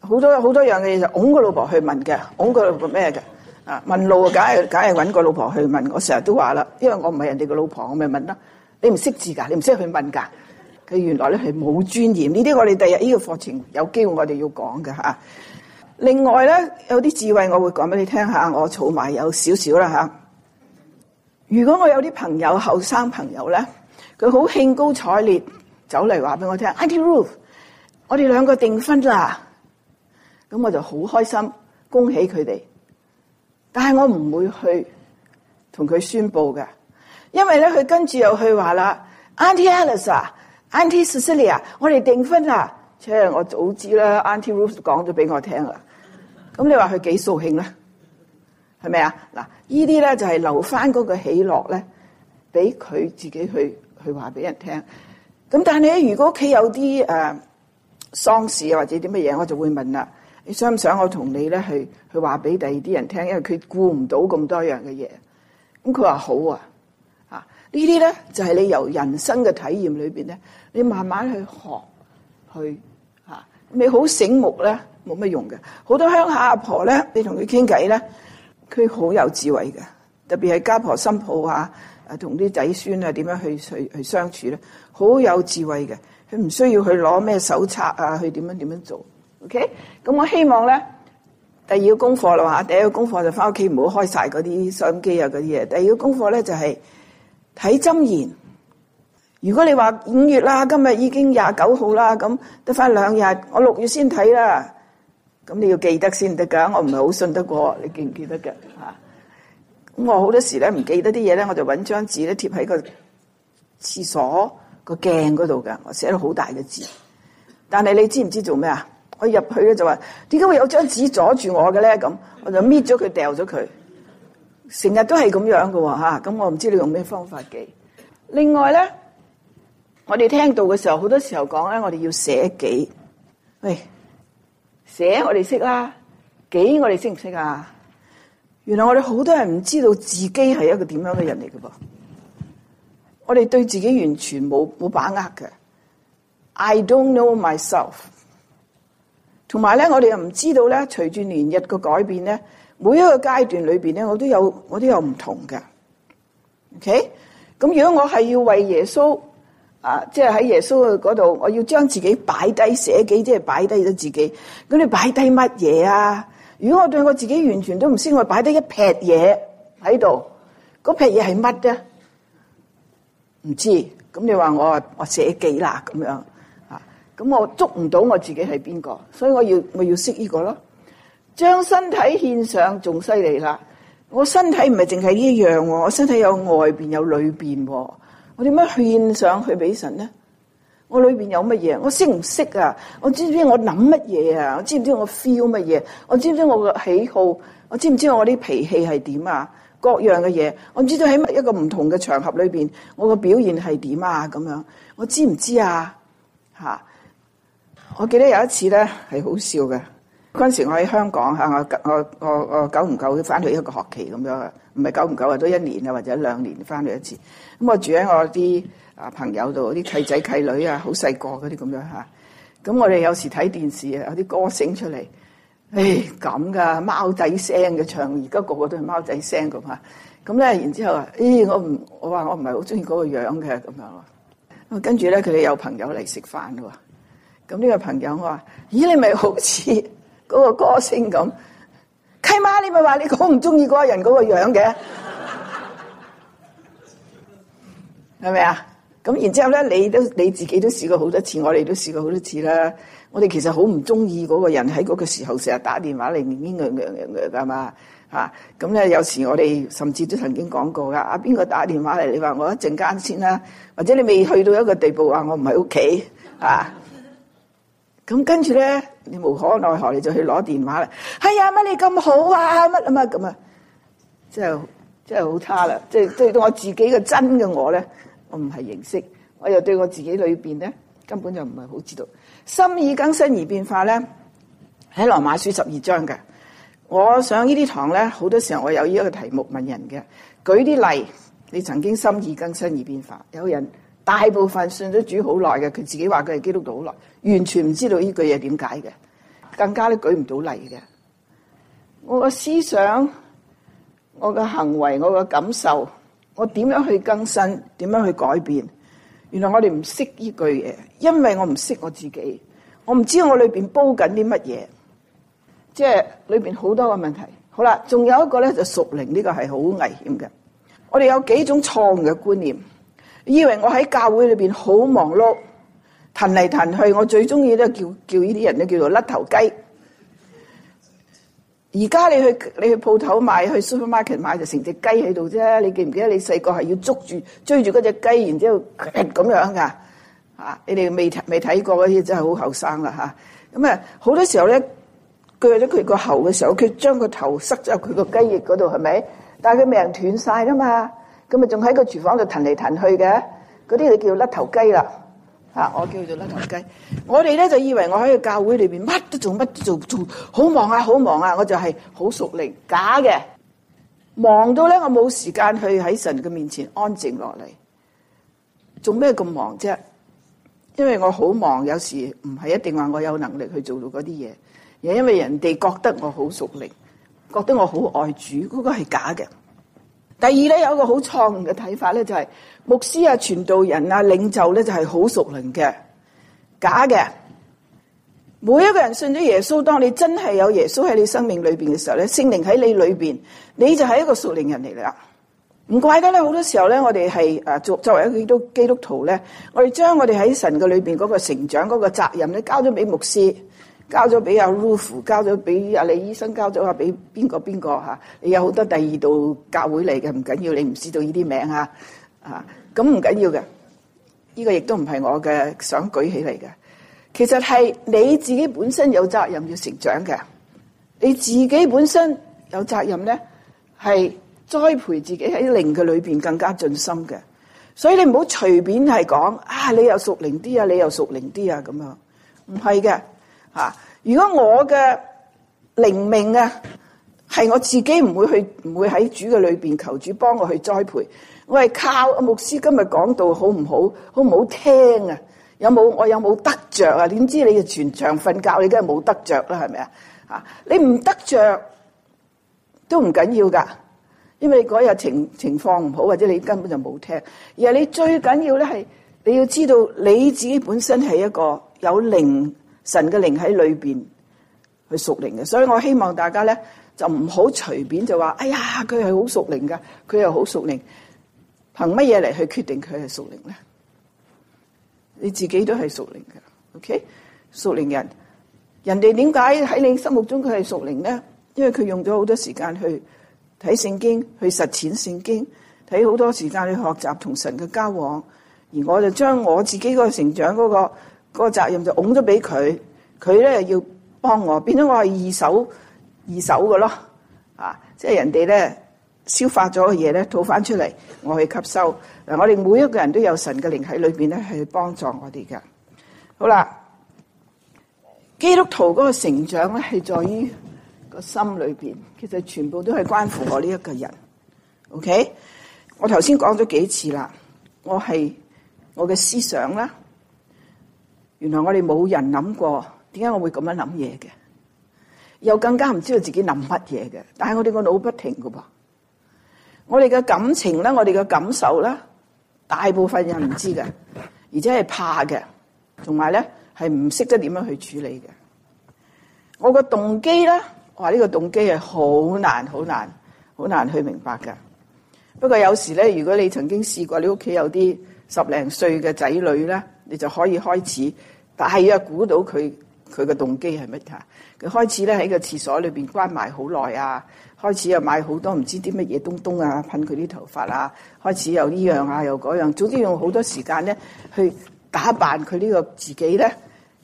好多好多樣嘅嘢就揹個老婆去問嘅，揹個老婆咩嘅啊？問路啊，梗係梗係揾個老婆去問。我成日都話啦，因為我唔係人哋個老婆，我咪問啦。你唔識字㗎，你唔識去問㗎。佢原來咧係冇尊嚴，呢啲我哋第日呢個課程有機會我哋要講㗎。另外咧有啲智慧我，我會講俾你聽下，我儲埋有少少啦，如果我有啲朋友後生朋友咧，佢好興高采烈走嚟話俾我聽，Auntie Ruth，我哋兩個訂婚啦。咁我就好開心，恭喜佢哋。但係我唔會去同佢宣佈㗎，因為咧佢跟住又去話啦，Auntie Alice。Auntie Cecilia，我哋訂婚啦！即係我早知啦，Auntie Ruth 講咗俾我聽啦。咁 (laughs) 你話佢幾掃興咧？係咪啊？嗱，呢啲咧就係留翻嗰個喜樂咧，俾佢自己去去話俾人聽。咁但係咧，如果屋企有啲誒、呃、喪事啊，或者啲乜嘢，我就會問啦。你想唔想我同你咧去去話俾第二啲人聽？因為佢顧唔到咁多樣嘅嘢。咁佢話好啊。這呢啲咧就係、是，你由人生嘅體驗裏邊咧，你慢慢去學去嚇，啊，你好醒目咧冇乜用嘅。好多鄉下阿婆咧，你同佢傾偈咧，佢好有智慧嘅。特別係家婆、新抱啊，啊，同啲仔孫啊點樣去去去相處咧，好有智慧嘅。佢唔需要去攞咩手冊啊，去點樣點樣做。OK，咁我希望咧，第二個功課啦嚇，第一個功課就翻屋企唔好開晒嗰啲收音機啊嗰啲嘢。第二個功課咧就係、是。睇箴言，如果你話五月啦，今日已經廿九號啦，咁得翻兩日，我六月先睇啦。咁你要記得先得噶，我唔係好信得過你記唔記得㗎？嚇。咁我好多時咧唔記得啲嘢咧，我就揾張紙咧貼喺個廁所個鏡嗰度㗎。我寫咗好大嘅字。但係你知唔知做咩啊？我入去咧就話，點解會有張紙阻住我嘅咧？咁我就搣咗佢，掉咗佢。成日都係咁樣嘅喎，嚇！咁我唔知你用咩方法記。另外咧，我哋聽到嘅時候，好多時候講咧，我哋要寫記。喂，寫我哋識啦，記我哋識唔識啊？原來我哋好多人唔知道自己係一個點樣嘅人嚟嘅噃。我哋對自己完全冇冇把握嘅。I don't know myself。同埋咧，我哋又唔知道咧，隨住年日嘅改變咧。每一個階段裏面呢，我都有我都有唔同嘅，OK？咁如果我係要為耶穌啊，即係喺耶穌嘅嗰度，我要將自己擺低寫記，即係擺低咗自己。咁你擺低乜嘢啊？如果我對我自己完全都唔識，我擺低一撇嘢喺度，嗰撇嘢係乜啫？唔知。咁你話我我寫記啦，咁樣啊？咁我捉唔到我自己係邊個，所以我要我要識呢個咯。將身體獻上仲犀利啦！我身體唔係淨係呢一樣喎，我身體有外邊有裏邊喎。我點樣獻上去俾神呢？我裏邊有乜嘢？我識唔識啊？我知唔知我諗乜嘢啊？我知唔知我 feel 乜嘢？我知唔知我嘅喜好？我知唔知我啲脾氣係點啊？各樣嘅嘢，我唔知道喺乜一個唔同嘅場合裏邊，我個表現係點啊？咁樣我知唔知啊？吓！我記得有一次咧係好笑嘅。嗰陣時我喺香港嚇，我我我我久唔久翻去一個學期咁樣啊，唔係久唔久啊，都一年啊或者兩年翻去一次。咁我住喺我啲啊朋友度，啲契仔契女啊，好細個嗰啲咁樣嚇。咁我哋有時睇電視啊，有啲歌聲出嚟，唉咁噶貓仔聲嘅唱，而家個個都係貓仔聲咁啊。咁咧然之後啊，咦、哎、我唔我話我唔係好中意嗰個樣嘅咁樣啊。咁跟住咧佢哋有朋友嚟食飯喎。咁呢個朋友我話：咦你咪好似？嗰個歌星咁，契媽，你咪話你好唔中意嗰個人嗰個樣嘅，係咪啊？咁然之後咧，你都你自己都試過好多次，我哋都試過好多次啦。我哋其實好唔中意嗰個人喺嗰個時候成日打電話嚟，嚷嚷嚷嚷嘅嘛嚇。咁咧、啊嗯、有時我哋甚至都曾經講過噶，阿邊個打電話嚟？你話我一陣間先啦，或者你未去到一個地步話我唔喺屋企啊。咁跟住咧，你無可奈何、哎，你就去攞電話啦。係啊，乜你咁好啊？乜啊乜咁啊，真係即係好差啦！即係對到我自己嘅真嘅我咧，我唔係認識，我又對我自己裏面咧，根本就唔係好知道。心意更新而變化咧，喺羅馬書十二章嘅。我上呢啲堂咧，好多時候我有呢一個題目問人嘅。舉啲例，你曾經心意更新而變化。有人大部分信咗主好耐嘅，佢自己話佢係基督徒好耐。完全唔知道呢句嘢點解嘅，更加都舉唔到例嘅。我嘅思想，我嘅行為，我嘅感受，我點樣去更新，點樣去改變，原來我哋唔識呢句嘢，因為我唔識我自己，我唔知我裏邊煲緊啲乜嘢，即係裏邊好多嘅問題。好啦，仲有一個咧，就屬靈呢個係好危險嘅。我哋有幾種錯誤嘅觀念，以為我喺教會裏邊好忙碌。行嚟行去，我最中意都叫叫呢啲人咧叫做甩頭雞。而家你去你去鋪頭買，去 supermarket 買就成隻雞喺度啫。你記唔記得你細個係要捉住追住嗰隻雞，然之後咁、呃、樣噶？啊，你哋未未睇過嗰啲真係好後生啦吓。咁啊，好多時候咧，鋸咗佢個喉嘅時候，佢將個頭塞咗入佢個雞翼嗰度，係咪？但係佢命斷晒啦嘛，咁咪仲喺個廚房度行嚟行去嘅。嗰啲就叫甩頭雞啦。啊！我叫做甩頭雞，我哋咧就以為我喺個教會裏邊乜都做，乜都做，做好忙啊，好忙啊！我就係好屬靈，假嘅，忙到咧我冇時間去喺神嘅面前安靜落嚟，做咩咁忙啫？因為我好忙，有時唔係一定話我有能力去做到嗰啲嘢，亦因為人哋覺得我好屬靈，覺得我好愛主，嗰個係假嘅。第二咧，有一個好錯誤嘅睇法咧，就係牧師啊、傳道人啊、領袖咧，就係好熟靈嘅，假嘅。每一個人信咗耶穌，當你真係有耶穌喺你生命裏面嘅時候咧，聖靈喺你裏面，你就係一個熟靈人嚟啦。唔怪得呢，好多時候咧，我哋係誒作作為一個基督徒咧，我哋將我哋喺神嘅裏面嗰個成長嗰個責任咧，交咗俾牧師。交咗俾阿 roof，交咗俾阿李醫生，交咗啊俾邊個邊個吓？你有好多第二度教會嚟嘅，唔緊要，你唔知道呢啲名呀，啊！咁唔緊要嘅，呢個亦都唔係我嘅想舉起嚟嘅。其實係你自己本身有責任要成長嘅，你自己本身有責任咧，係栽培自己喺靈嘅裏面更加盡心嘅。所以你唔好隨便係講啊，你又熟靈啲啊，你又熟靈啲啊咁樣，唔係嘅。啊！如果我嘅靈命啊，係我自己唔會去，唔會喺主嘅裏邊求主幫我去栽培，我係靠牧師今日講道好唔好，好唔好聽啊？有冇我有冇得着啊？點知你全場瞓覺，你梗係冇得着啦，係咪啊？啊！你唔得着都唔緊要噶，因為嗰日情情況唔好，或者你根本就冇聽。而係你最緊要咧，係你要知道你自己本身係一個有靈。神嘅靈喺裏邊去屬靈嘅，所以我希望大家咧就唔好隨便就話，哎呀，佢係好屬靈㗎，佢又好屬靈，憑乜嘢嚟去決定佢係屬靈咧？你自己都係屬靈嘅，OK，屬靈人，人哋點解喺你心目中佢係屬靈咧？因為佢用咗好多時間去睇聖經，去實踐聖經，睇好多時間去學習同神嘅交往，而我就將我自己個成長嗰個個責任就拱咗俾佢，佢咧要幫我，變咗我係二手、二手嘅咯，啊！即係人哋咧消化咗嘅嘢咧吐翻出嚟，我去吸收。嗱，我哋每一個人都有神嘅靈喺裏邊咧，去幫助我哋嘅。好啦，基督徒嗰個成長咧係在於個心裏邊，其實全部都係關乎我呢一個人。OK，我頭先講咗幾次啦，我係我嘅思想啦。原來我哋冇人諗過，點解我會咁樣諗嘢嘅？又更加唔知道自己諗乜嘢嘅。但係我哋個腦不停噶噃，我哋嘅感情咧，我哋嘅感受咧，大部分人唔知嘅，而且係怕嘅，同埋咧係唔識得點樣去處理嘅。我個動機咧、這個動機咧，我話呢個動機係好難、好難、好難去明白噶。不過有時咧，如果你曾經試過你，你屋企有啲十零歲嘅仔女咧。你就可以開始，但係要估到佢佢嘅動機係乜嘢？佢開始咧喺個廁所裏面關埋好耐啊！開始又買好多唔知啲乜嘢東東啊，噴佢啲頭髮啊！開始又呢樣啊，又嗰樣，總之用好多時間咧去打扮佢呢個自己咧。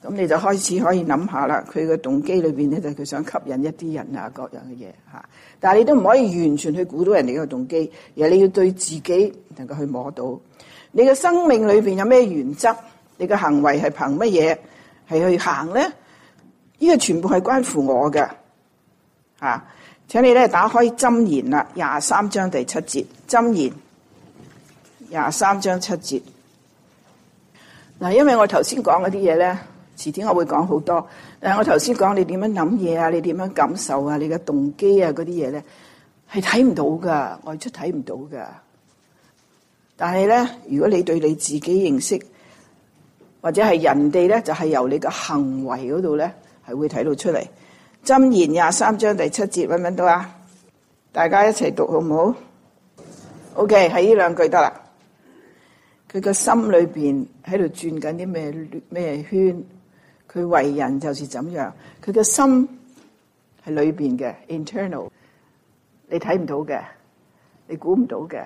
咁你就開始可以諗下啦，佢嘅動機裏面咧就係佢想吸引一啲人啊，各樣嘅嘢吓。但係你都唔可以完全去估到人哋嘅動機，而係你要對自己能夠去摸到你嘅生命裏面有咩原則？你嘅行為係憑乜嘢係去行咧？呢個全部係關乎我嘅嚇。請你咧打開箴言《箴言》啦，廿三章第七節，《箴言》廿三章七節嗱。因為我頭先講嗰啲嘢咧，遲啲我會講好多。誒，我頭先講你點樣諗嘢啊，你點樣感受啊，你嘅動機啊嗰啲嘢咧，係睇唔到噶，外出睇唔到噶。但係咧，如果你對你自己認識，或者係人哋咧，就係由你嘅行為嗰度咧，係會睇到出嚟。箴言廿三章第七節，揾唔揾到啊？大家一齊讀好唔好？OK，喺呢兩句得啦。佢個心裏面喺度轉緊啲咩咩圈，佢為人就是怎樣。佢個心係裏面嘅，internal，你睇唔到嘅，你估唔到嘅。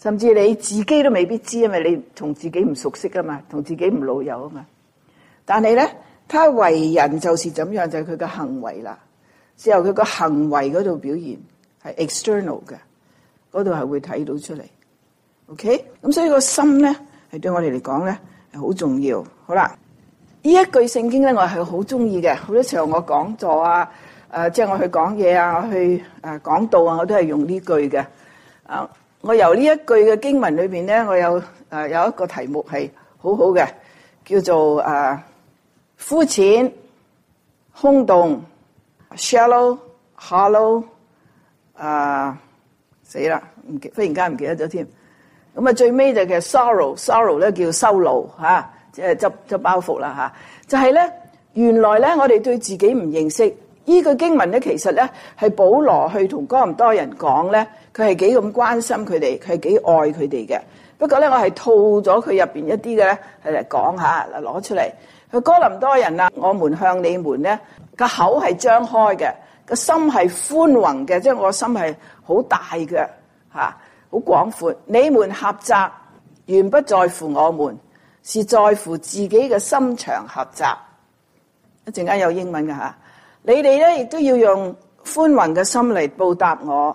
甚至你自己都未必知，因為你同自己唔熟悉噶嘛，同自己唔老友啊嘛。但係咧，他為人就是怎樣，就係佢嘅行為啦。之後佢個行為嗰度表現係 external 嘅，嗰度係會睇到出嚟。OK，咁所以個心咧係對我哋嚟講咧係好重要。好啦，呢一句聖經咧我係好中意嘅，好多時候我講座啊，誒即係我去講嘢啊，去誒講道啊，我都係用呢句嘅。啊。我由呢一句嘅經文裏邊咧，我有啊有一個題目係好好嘅，叫做啊膚淺、空洞、shallow、hollow，啊死啦，唔忽然間唔記得咗添。咁啊最尾就嘅 sorrow，sorrow 咧叫收牢吓，即係執執包袱啦吓。就係咧，原來咧我哋對自己唔認識，呢句經文咧其實咧係保羅去同哥林多人講咧。佢係幾咁關心佢哋，佢係幾愛佢哋嘅。不過咧，我係套咗佢入邊一啲嘅咧，嚟講下，嚟攞出嚟。佢哥林多人啊，我們向你們咧，個口係張開嘅，個心係寬宏嘅，即係我心係好大嘅嚇，好廣闊。你們狹窄，原不在乎我們，是在乎自己嘅心腸狹窄。一陣間有英文嘅嚇，你哋咧亦都要用寬宏嘅心嚟報答我。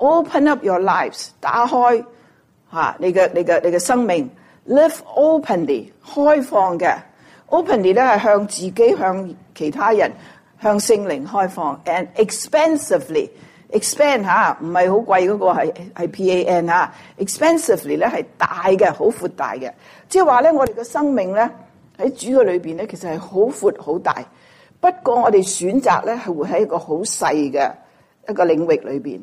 Open up your lives，打開吓你嘅、你嘅、你嘅生命，live openly，開放嘅，openly 咧係向自己、向其他人、向聖靈開放，and expansively，expand 嚇唔係好貴嗰個係 pan expansively 咧係大嘅，好闊大嘅，即係話咧，我哋嘅生命咧喺主嘅裏面咧，其實係好闊好大，不過我哋選擇咧係會喺一個好細嘅一個領域裏面。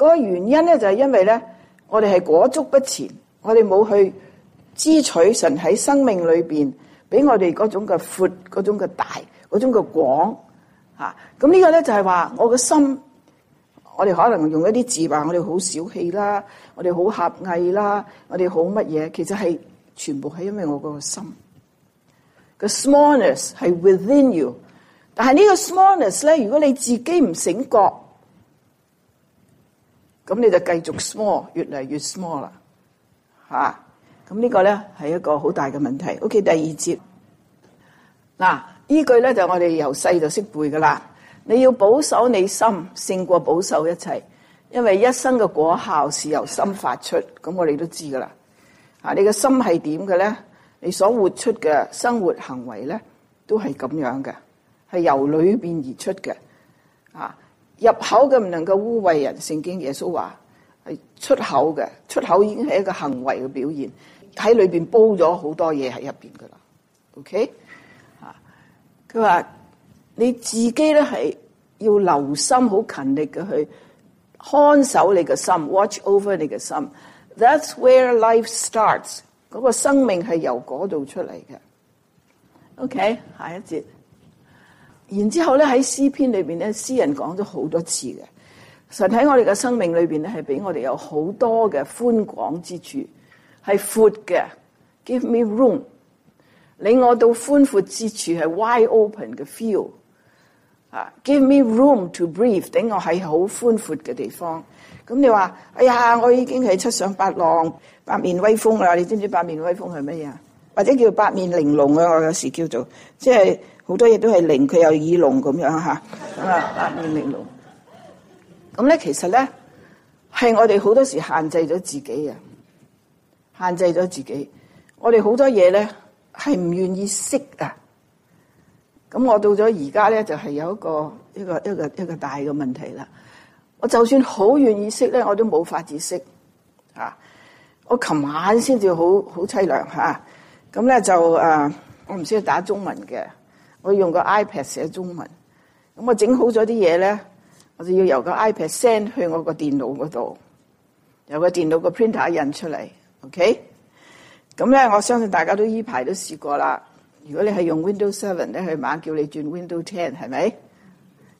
個原因咧就係、是、因為咧，我哋係裹足不前，我哋冇去支取神喺生命裏邊俾我哋嗰種嘅闊、嗰種嘅大、嗰種嘅廣嚇。咁、啊、呢個咧就係、是、話我嘅心，我哋可能用一啲字話，我哋好小氣啦，我哋好狹隘啦，我哋好乜嘢？其實係全部係因為我個心個 smallness 係 within you，但係呢個 smallness 咧，如果你自己唔醒覺。咁你就繼續 small，越嚟越 small 啦，嚇、啊！咁呢個咧係一個好大嘅問題。OK，第二節嗱，依、啊、句咧就我哋由細就識背噶啦。你要保守你心，勝過保守一切，因為一生嘅果效是由心發出。咁我哋都知噶啦、啊，你嘅心係點嘅咧？你所活出嘅生活行為咧，都係咁樣嘅，係由裏面而出嘅，啊！入口嘅唔能夠污穢人。聖經耶穌話係出口嘅。出口已經係一個行為嘅表現，喺裏邊煲咗好多嘢喺入邊噶啦。OK，吓佢話你自己咧，係要留心，好勤力嘅去看守你嘅心，watch over 你嘅心。That's where life starts，嗰個生命係由嗰度出嚟嘅。OK，下一節。然之後咧喺詩篇裏面咧，詩人講咗好多次嘅神喺我哋嘅生命裏面咧，係俾我哋有好多嘅寬廣之處，係闊嘅。Give me room，令我到寬闊之處係 wide open 嘅 feel。啊，give me room to breathe，等我喺好寬闊嘅地方。咁你話，哎呀，我已經係七上八浪，八面威風啦！你知唔知八面威風係乜嘢啊？或者叫八面玲瓏啊！我有時叫做即係。好多嘢都係零，佢有耳聾咁樣吓，啊，零零咁咧，其實咧係我哋好多時限制咗自己啊，限制咗自己。我哋好多嘢咧係唔願意識啊。咁我到咗而家咧，就係、是、有一個一個一個一個大嘅問題啦。我就算好願意識咧，我都冇法子識啊。我琴晚先至好好淒涼吓，咁咧、啊嗯、就誒、啊，我唔識打中文嘅。我用個 iPad 寫中文，咁我整好咗啲嘢咧，我就要由個 iPad send 去我個電腦嗰度，由個電腦個 printer 印出嚟，OK。咁咧，我相信大家都呢排都試過啦。如果你係用 Windows Seven 咧，佢猛叫你轉 Windows Ten，係咪？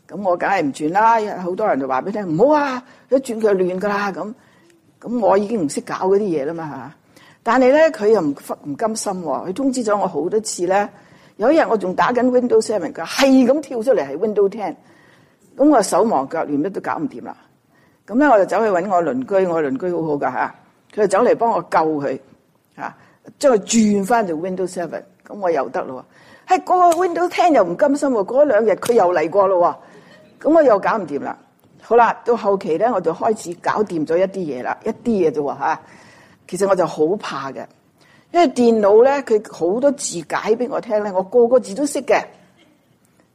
咁我梗係唔轉啦。好多人就話俾你聽，唔好啊，一轉佢就亂噶啦咁。咁我已經唔識搞嗰啲嘢啦嘛嚇。但係咧，佢又唔唔甘心喎，佢通知咗我好多次咧，有一日我仲打緊 Windows Seven，佢係咁跳出嚟喺 Windows Ten，咁我手忙腳亂，乜都搞唔掂啦。咁咧我就走去揾我鄰居，我鄰居很好好噶嚇，佢就走嚟幫我救佢，嚇，將佢轉翻做 Windows Seven，咁我又得咯。喺、哎、嗰、嗰個 Windows Ten 又唔甘心喎，嗰兩日佢又嚟過咯，咁我又搞唔掂啦。好啦，到後期咧我就開始搞掂咗一啲嘢啦，一啲嘢啫喎。其實我就好怕嘅。因為電腦咧，佢好多字解俾我聽咧，我個個字都識嘅。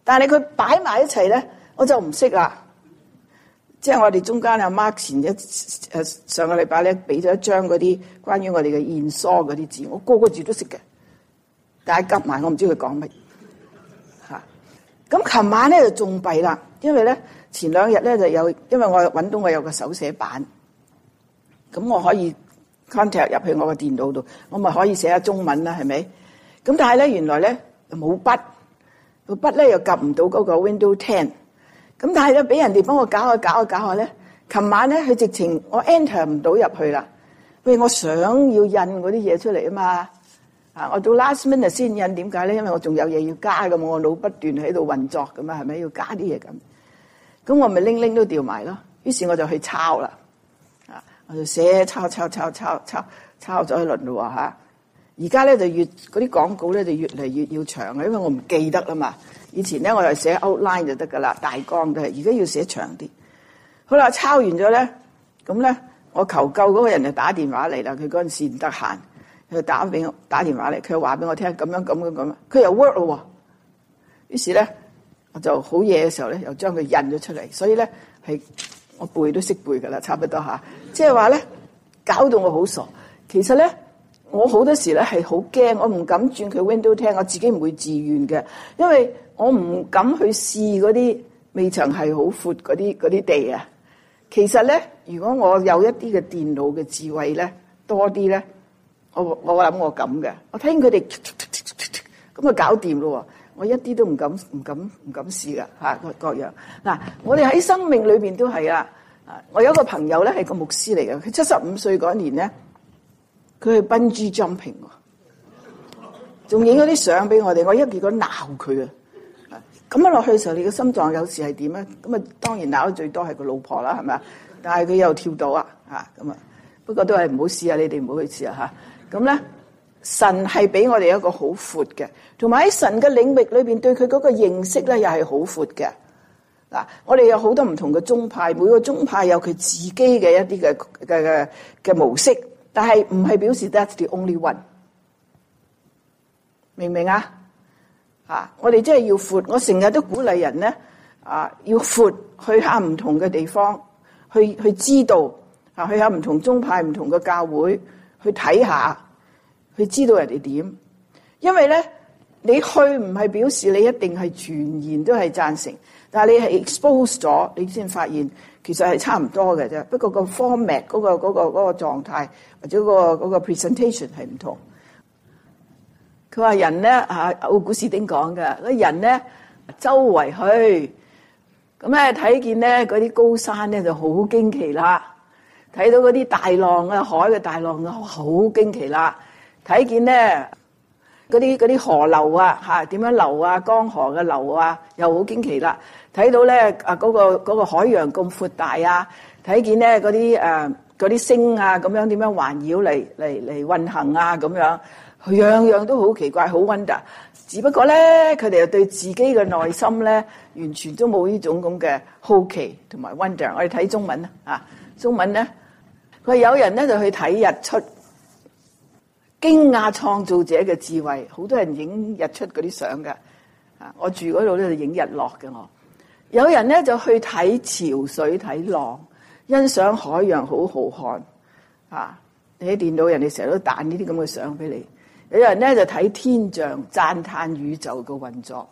但係佢擺埋一齊咧，我就唔識啦。即係我哋中間阿 k 前一誒上個禮拜咧，俾咗一張嗰啲關於我哋嘅燕梳嗰啲字，我個個字都識嘅。大家急埋我唔知佢講乜嘢。咁琴晚咧就中弊啦，因為咧前兩日咧就有，因為我揾到我有個手寫板，咁我可以。contact 入去我個電腦度，我咪可以寫下中文啦，係咪？咁但係咧，原來咧冇筆，筆呢又個筆咧又夾唔到嗰個 Window Ten。咁但係咧，俾人哋幫我搞下、搞下、搞下咧。琴晚咧，佢直情我 enter 唔到入去啦。喂，我想要印嗰啲嘢出嚟啊嘛。啊，我到 last minute 先印，點解咧？因為我仲有嘢要加㗎嘛。我腦不斷喺度運作㗎嘛，係咪要加啲嘢咁？咁我咪拎拎都掉埋咯。於是我就去抄啦。我就寫抄抄抄抄抄抄咗一輪咯喎嚇！而家咧就越嗰啲廣告咧就越嚟越要長啊，因為我唔記得啦嘛。以前咧我就寫 outline 就得噶啦，大綱都係，而家要寫長啲。好啦，抄完咗咧，咁咧我求救嗰個人就打電話嚟啦。佢嗰陣時唔得閒，佢打俾我打電話嚟，佢話俾我聽咁樣咁樣咁樣，佢又 work 咯喎。於是咧，我就好夜嘅時候咧，又將佢印咗出嚟，所以咧係。我背都識背㗎喇，差唔多吓。即係話咧，搞到我好傻。其實咧，我好多時咧係好驚，我唔敢轉佢 Window 聽，我自己唔會自願嘅，因為我唔敢去試嗰啲未曾係好闊嗰啲啲地啊。其實咧，如果我有一啲嘅電腦嘅智慧咧多啲咧，我我諗我咁嘅，我聽佢哋咁就搞掂咯喎。我一啲都唔敢唔敢唔敢試噶各，各樣嗱，我哋喺生命裏面都係啊啊！我有個朋友咧係個牧師嚟嘅，佢七十五歲嗰年咧，佢係 bungee jumping 喎，仲影咗啲相俾我哋，我一見佢鬧佢啊！咁樣落去嘅時候你，你嘅心臟有時係點咧？咁啊當然鬧得最多係個老婆啦，係咪啊？但係佢又跳到啊咁啊！不過都係唔好試啊，你哋唔好去試啊咁咧。神係俾我哋一個好闊嘅，同埋喺神嘅領域裏邊，對佢嗰個認識咧，又係好闊嘅。嗱，我哋有好多唔同嘅宗派，每個宗派有佢自己嘅一啲嘅嘅嘅嘅模式，但係唔係表示 that's the only one，明唔明啊？啊，我哋真係要闊，我成日都鼓勵人咧，啊，要闊去下唔同嘅地方，去去知道啊，去下唔同宗派，唔同嘅教會去睇下。佢知道人哋點，因為咧你去唔係表示你一定係全然都係贊成，但係你係 expose 咗，你先發現其實係差唔多嘅啫。不過嗰個 format 嗰、嗰個嗰、嗰個嗰、嗰個、狀態或者、嗰個嗰、嗰個 presentation 係唔同。佢話人咧啊，奧古斯丁講嘅人咧，周圍去咁咧睇見咧嗰啲高山咧就好驚奇啦，睇到嗰啲大浪啊海嘅大浪啊好驚奇啦。睇見咧，嗰啲嗰啲河流啊，吓點樣流啊，江河嘅流啊，又好驚奇啦！睇到咧，啊嗰個嗰個海洋咁闊大啊，睇見咧嗰啲嗰啲星啊，咁樣點樣環繞嚟嚟嚟運行啊，咁樣樣樣都好奇怪，好 wonder。只不過咧，佢哋又對自己嘅內心咧，完全都冇呢種咁嘅好奇同埋 wonder。我哋睇中文啊，吓中文咧，佢有人咧就去睇日出。驚訝創造者嘅智慧，好多人影日出嗰啲相嘅。啊，我住嗰度咧就影日落嘅我。有人咧就去睇潮水、睇浪，欣賞海洋好浩瀚。啊，你喺電腦，人哋成日都彈呢啲咁嘅相俾你。有人咧就睇天象，讚嘆宇宙嘅運作。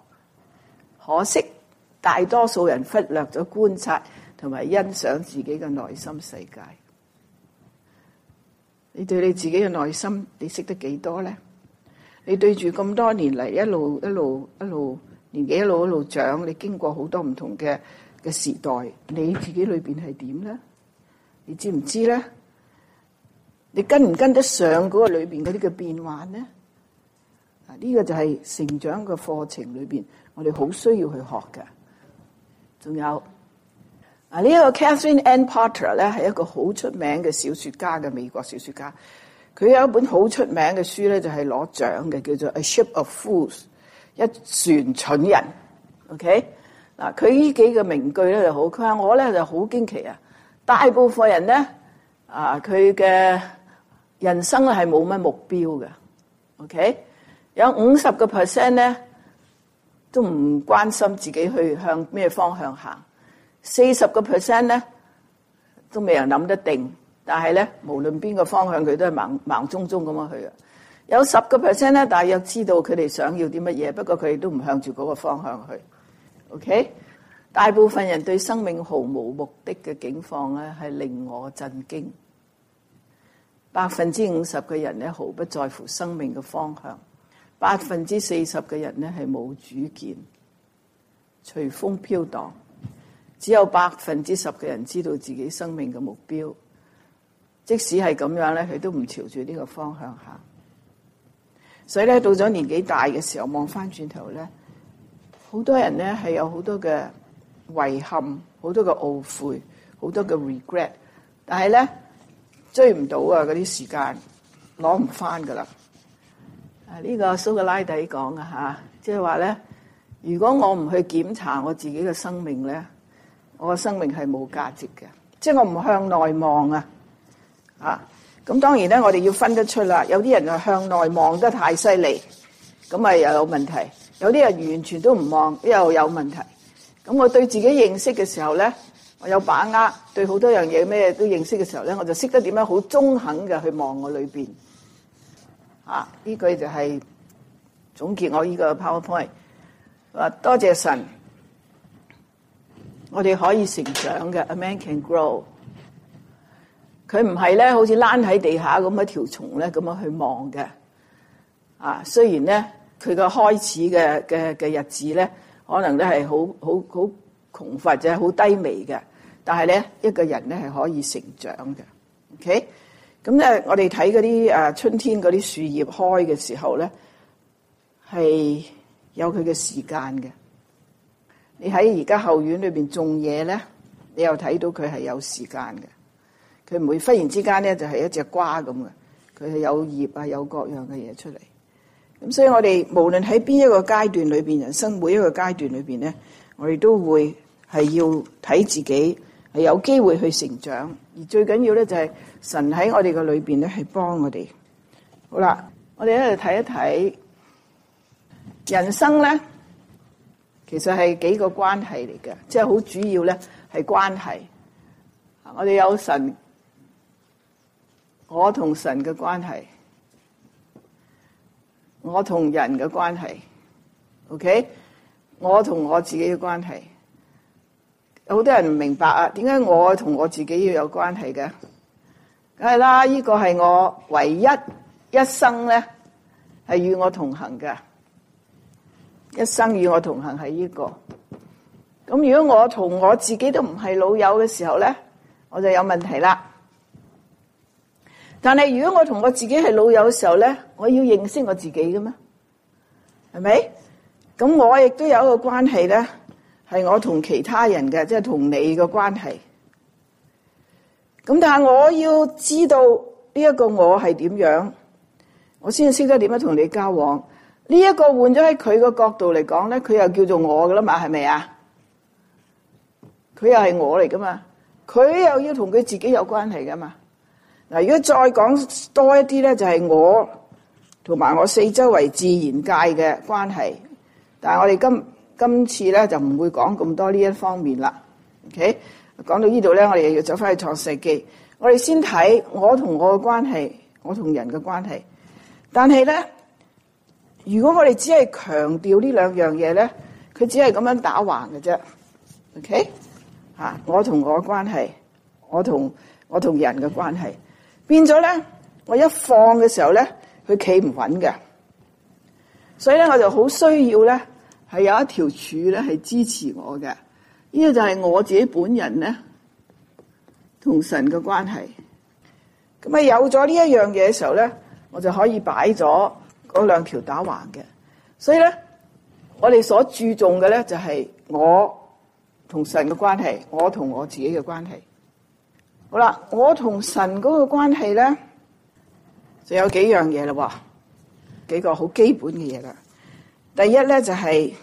可惜，大多數人忽略咗觀察同埋欣賞自己嘅內心世界。你對你自己嘅內心，你識得幾多咧？你對住咁多年嚟，一路一路一路年紀一路一路長，你經過好多唔同嘅嘅時代，你自己裏邊係點咧？你知唔知咧？你跟唔跟得上嗰個裏邊嗰啲嘅變幻咧？啊！呢個就係成長嘅課程裏邊，我哋好需要去學嘅。仲有。嗱，呢一個 Catherine Ann Porter 咧，係一個好出名嘅小説家嘅美國小説家，佢有一本好出名嘅書咧就係攞獎嘅，叫做《A Ship of Fools》一船蠢人，OK？嗱，佢呢幾個名句咧就好，佢話我咧就好驚奇啊！大部分人咧啊，佢嘅人生係冇乜目標嘅，OK？有五十個 percent 咧都唔關心自己去向咩方向行。四十個 percent 咧，都未人諗得定，但係咧，無論邊個方向，佢都係盲盲中中咁樣去啊！有十個 percent 咧，大約知道佢哋想要啲乜嘢，不過佢哋都唔向住嗰個方向去。OK，大部分人對生命毫無目的嘅境況咧，係令我震驚。百分之五十嘅人咧，毫不在乎生命嘅方向；百分之四十嘅人咧，係冇主見，隨風飄蕩。只有百分之十嘅人知道自己生命嘅目標，即使係咁樣，咧，佢都唔朝住呢個方向行。所以咧，到咗年紀大嘅時候，望翻轉頭，咧，好多人咧係有好多嘅遺憾，好多嘅懊悔，好多嘅 regret，但係咧追唔到啊！嗰啲時間攞唔翻噶啦。啊，呢個蘇格拉底講啊，吓，即係話咧，如果我唔去檢查我自己嘅生命咧。我嘅生命係冇價值嘅，即係我唔向內望啊！啊，咁當然咧，我哋要分得出啦。有啲人就向內望得太犀利，咁咪又有問題；有啲人完全都唔望，又有問題。咁我對自己認識嘅時候咧，我有把握對好多樣嘢咩都認識嘅時候咧，我就識得點樣好中肯嘅去望我裏邊。啊，呢句就係總結我呢個 powerpoint。啊，多謝神。我哋可以成長嘅，A man can grow。佢唔係咧，好似躝喺地下咁一條蟲咧，咁樣去望嘅。啊，雖然咧，佢嘅開始嘅嘅嘅日子咧，可能咧係好好好窮乏嘅，好低微嘅。但係咧，一個人咧係可以成長嘅。OK，咁咧，我哋睇嗰啲誒春天嗰啲樹葉開嘅時候咧，係有佢嘅時間嘅。你喺而家後院裏邊種嘢咧，你又睇到佢係有時間嘅，佢唔會忽然之間咧就係一隻瓜咁嘅，佢係有葉啊，有各樣嘅嘢出嚟。咁所以我哋無論喺邊一個階段裏邊，人生每一個階段裏邊咧，我哋都會係要睇自己係有機會去成長，而最緊要咧就係神喺我哋嘅裏邊咧係幫我哋。好啦，我哋喺度睇一睇人生咧。其實係幾個關係嚟嘅，即係好主要咧係關係。我哋有神，我同神嘅關係，我同人嘅關係，OK，我同我自己嘅關係。好多人唔明白啊，點解我同我自己要有關係嘅？梗係啦，呢個係我唯一一生咧係與我同行嘅。一生與我同行係呢個，咁如果我同我自己都唔係老友嘅時候咧，我就有問題啦。但係如果我同我自己係老友嘅時候咧，我要認識我自己嘅嘛，係咪？咁我亦都有一個關係咧，係我同其他人嘅，即係同你嘅關係。咁但係我要知道呢一個我係點樣，我先識得點樣同你交往。呢一個換咗喺佢個角度嚟講咧，佢又叫做我噶啦嘛，係咪啊？佢又係我嚟噶嘛？佢又要同佢自己有關係噶嘛？嗱，如果再講多一啲咧，就係我同埋我四周圍自然界嘅關係。但係我哋今今次咧就唔會講咁多呢一方面啦。OK，講到呢度咧，我哋又要走翻去創世紀。我哋先睇我同我嘅關係，我同人嘅關係。但係咧。如果我哋只係強調呢兩樣嘢咧，佢只係咁樣打橫嘅啫。OK，吓我同我的關係，我同我同人嘅關係，變咗咧，我一放嘅時候咧，佢企唔穩嘅。所以咧，我就好需要咧，係有一條柱咧，係支持我嘅。呢個就係我自己本人咧，同神嘅關係。咁啊，有咗呢一樣嘢嘅時候咧，我就可以擺咗。有兩條打橫嘅，所以咧，我哋所注重嘅咧就係我同神嘅關係，我同我自己嘅關係。好啦，我同神嗰個關係咧，就有幾樣嘢啦，幾個好基本嘅嘢啦。第一咧就係、是、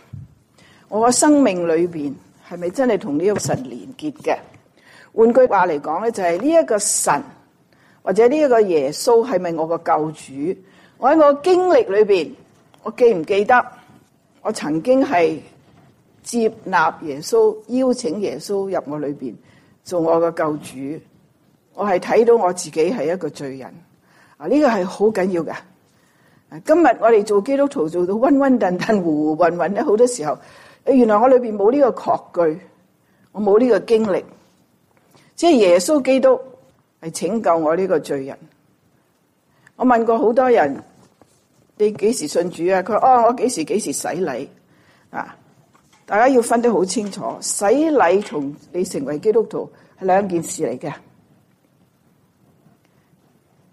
我嘅生命裏邊係咪真係同呢個神連結嘅？換句話嚟講咧，就係呢一個神或者呢一個耶穌係咪我嘅救主？我喺我的經歷裏邊，我記唔記得我曾經係接納耶穌，邀請耶穌入我裏邊做我嘅救主。我係睇到我自己係一個罪人啊！呢、呢個係好緊要嘅。今日我哋做基督徒做到混混沌沌、糊糊混混咧，好多時候，原來我裏邊冇呢個確據，我冇呢個經歷。即係耶穌基督係拯救我呢個罪人。我問過好多人。你幾時信主啊？佢話哦，我幾時幾時洗禮啊。大家要分得好清楚，洗禮同你成為基督徒係兩件事嚟嘅。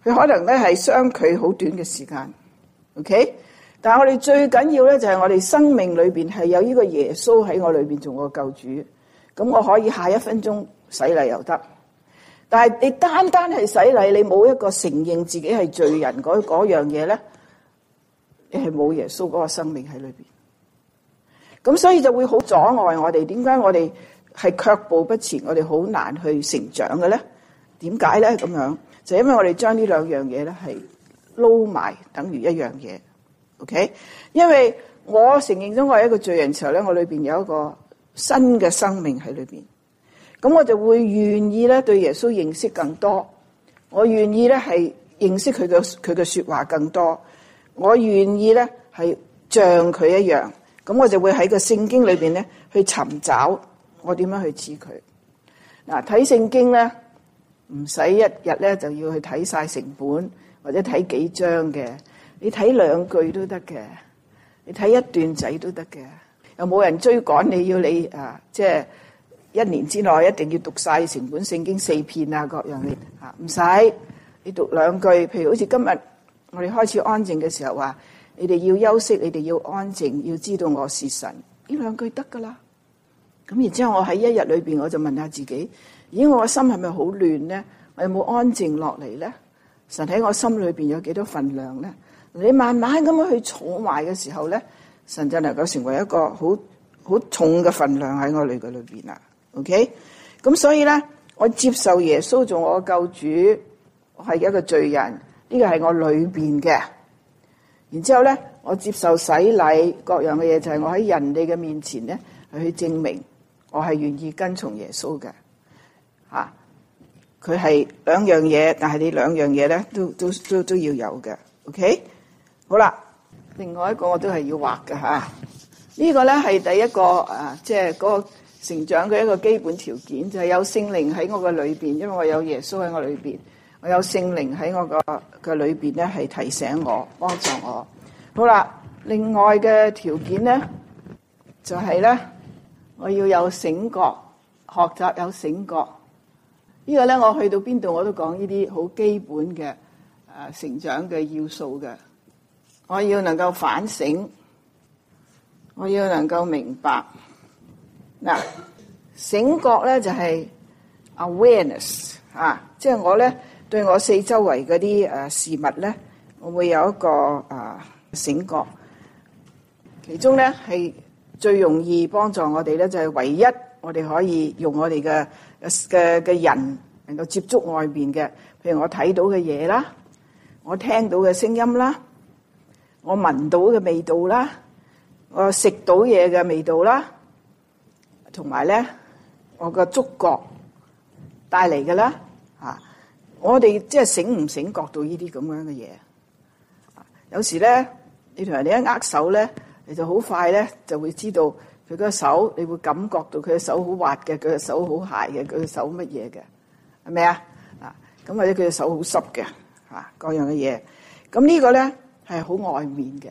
佢可能咧係相距好短嘅時間，OK？但係我哋最緊要咧就係我哋生命裏邊係有呢個耶穌喺我裏邊做我救主，咁我可以下一分鐘洗禮又得。但係你單單係洗禮，你冇一個承認自己係罪人嗰嗰樣嘢咧。你係冇耶穌嗰個生命喺裏邊，咁所以就會好阻礙我哋。點解我哋係卻步不前，我哋好難去成長嘅咧？點解咧咁樣？就因為我哋將呢兩樣嘢咧係撈埋，等於一樣嘢。OK，因為我承認咗我係一個罪人時候咧，我裏邊有一個新嘅生命喺裏邊，咁我就會願意咧對耶穌認識更多，我願意咧係認識佢嘅佢嘅說話更多。我願意咧，係像佢一樣，咁我就會喺個聖經裏邊咧去尋找我點樣去似佢。嗱，睇聖經咧，唔使一日咧就要去睇曬成本或者睇幾章嘅，你睇兩句都得嘅，你睇一段仔都得嘅，又冇人追趕你要你啊，即係一年之內一定要讀曬成本聖經四遍啊各樣嘢嚇，唔使，你讀兩句，譬如好似今日。我哋開始安靜嘅時候，話你哋要休息，你哋要安靜，要知道我是神，呢兩句得噶啦。咁然之後，我喺一日裏邊，我就問下自己，咦，我個心係咪好亂咧？我有冇安靜落嚟咧？神喺我心裏邊有幾多份量咧？你慢慢咁樣去坐埋嘅時候咧，神就能夠成為一個好好重嘅份量喺我裏邊啦。OK，咁所以咧，我接受耶穌做我救主，我係一個罪人。呢個係我裏邊嘅，然之後咧，我接受洗禮各樣嘅嘢，就係我喺人哋嘅面前咧，去證明我係願意跟從耶穌嘅。吓，佢係兩樣嘢，但係你兩樣嘢咧，都都都都要有嘅。OK，好啦，另外一個我都係要畫㗎吓。呢個咧係第一個誒，即係嗰個成長嘅一個基本條件，就係有聖靈喺我嘅裏邊，因為我有耶穌喺我裏邊。我有聖靈喺我個裏邊咧，係提醒我、幫助我。好啦，另外嘅條件咧，就係咧，我要有醒覺，學習有醒覺。呢個咧，我去到邊度我都講呢啲好基本嘅成長嘅要素嘅。我要能夠反省，我要能夠明白。嗱，醒覺咧就係 awareness 啊，即係我咧。對我四周圍嗰啲誒事物咧，我會有一個誒、啊、醒覺。其中咧係最容易幫助我哋咧，就係、是、唯一我哋可以用我哋嘅嘅嘅人能夠接觸外面嘅，譬如我睇到嘅嘢啦，我聽到嘅聲音啦，我聞到嘅味道啦，我食到嘢嘅味道啦，同埋咧我嘅觸覺帶嚟嘅啦，嚇、啊。我哋即係醒唔醒覺到呢啲咁樣嘅嘢？有時咧，你同人哋一握手咧，你就好快咧就會知道佢個手，你會感覺到佢嘅手好滑嘅，佢嘅手好鞋嘅，佢嘅手乜嘢嘅，係咪啊？啊，咁或者佢嘅手好濕嘅，嚇各樣嘅嘢。咁、這個、呢個咧係好外面嘅，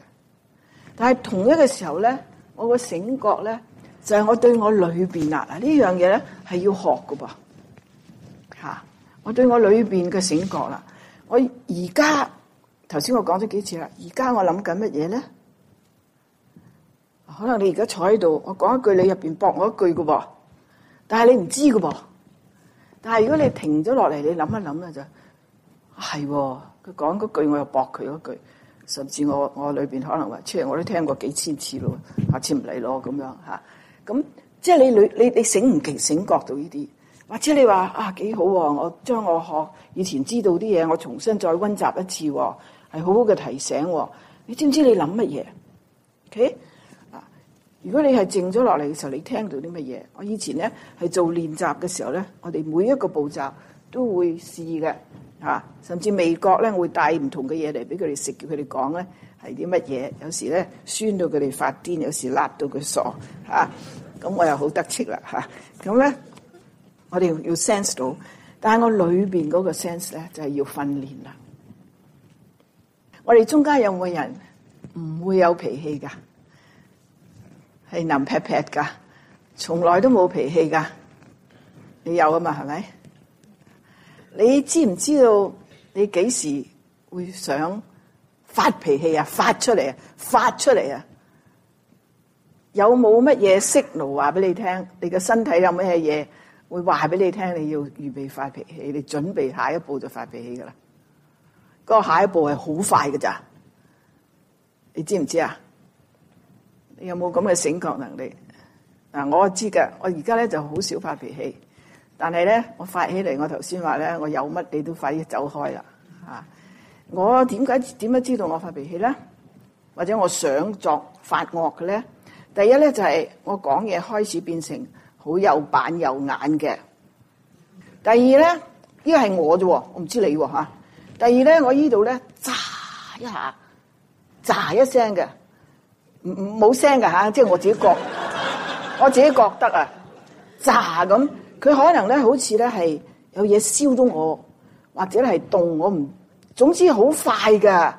但係同一個時候咧，我個醒覺咧就係、是、我對我裏面啊，呢樣嘢咧係要學㗎噃。我對我裏面嘅醒覺啦，我而家頭先我講咗幾次啦，而家我諗緊乜嘢呢？可能你而家坐喺度，我講一句你入面駁我一句㗎喎。但係你唔知㗎喎。但係如果你停咗落嚟，你諗一諗啦就係喎。佢講嗰句我又駁佢嗰句，甚至我裏面可能話，即係我都聽過幾千次咯，下次唔理唔嚟咯咁樣，咁即係你醒唔及醒覺到呢啲？或者你話啊幾好喎？我將我學以前知道啲嘢，我重新再溫習一次喎，係好好嘅提醒喎。你知唔知你諗乜嘢？OK 啊？如果你係靜咗落嚟嘅時候，你聽到啲乜嘢？我以前咧係做練習嘅時候咧，我哋每一個步驟都會試嘅嚇，甚至味覺咧會帶唔同嘅嘢嚟俾佢哋食，叫佢哋講咧係啲乜嘢。有時咧酸到佢哋發癲，有時辣到佢傻嚇，咁、啊、我又好得戚啦嚇。咁、啊、咧。我哋要 sense 到，但係我裏邊嗰個 sense 咧，就係要訓練啦。我哋中間有冇人唔會有脾氣噶係能撇撇噶從來都冇脾氣噶你有啊嘛？係咪？你知唔知道你幾時會想發脾氣啊？發出嚟啊！發出嚟啊！有冇乜嘢 signal 話俾你聽？你個身體有咩嘢？會話俾你聽，你要預備發脾氣，你準備下一步就發脾氣噶啦。嗰、那個下一步係好快噶咋？你知唔知啊？你有冇咁嘅醒覺能力？嗱、啊，我知噶，我而家咧就好少發脾氣，但係咧我發起嚟，我頭先話咧，我有乜你都快啲走開啦。啊，我點解點解知道我發脾氣咧？或者我想作發惡嘅咧？第一咧就係、是、我講嘢開始變成。好有板有眼嘅、啊。第二咧，呢個係我啫，我唔知你喎。第二咧，我依度咧，喳一下，喳一聲嘅，冇聲嘅嚇，即係我自己覺， (laughs) 我自己覺得啊，喳咁，佢可能咧好似咧係有嘢燒到我，或者係凍我唔，總之好快嘅，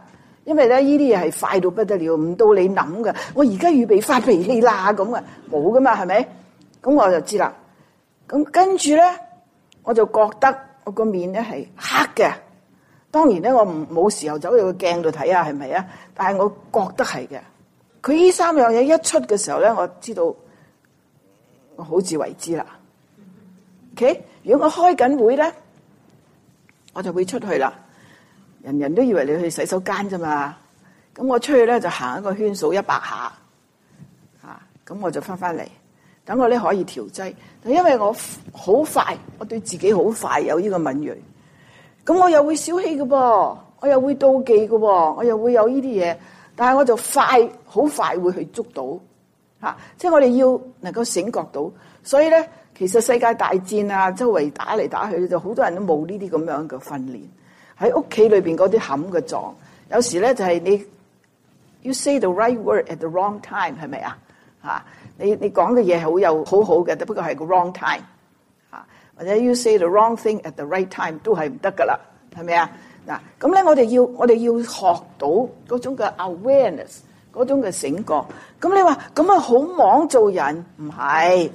因為咧依啲嘢係快到不得了，唔到你諗嘅。我而家預備發脾氣啦咁啊，冇噶嘛，係咪？咁我就知啦，咁跟住呢，我就覺得我個面呢係黑嘅。當然呢，我唔冇時候走入個鏡度睇呀，係咪呀？但係我覺得係嘅。佢呢三樣嘢一出嘅時候呢，我知道我好自為之啦。OK，如果我開緊會呢，我就會出去啦。人人都以為你去洗手間啫嘛。咁我出去呢，就行一個圈數一百下，吓，咁我就返返嚟。等我咧可以調劑，但因為我好快，我對自己好快有呢個敏鋭，咁我又會小氣嘅噃，我又會妒忌嘅喎，我又會有呢啲嘢，但係我就快，好快會去捉到嚇。即係我哋要能夠醒覺到，所以咧，其實世界大戰啊，周圍打嚟打去，就好多人都冇呢啲咁樣嘅訓練。喺屋企裏邊嗰啲冚嘅狀，有時咧就係你，you say the right word at the wrong time 係咪啊？嚇！你你講嘅嘢係好有好好嘅，不過係個 wrong time，啊，或者 you say the wrong thing at the right time 都係唔得噶啦，係咪啊？嗱，咁咧我哋要我哋要學到嗰種嘅 awareness，嗰種嘅醒覺。咁你話咁啊好忙做人唔係，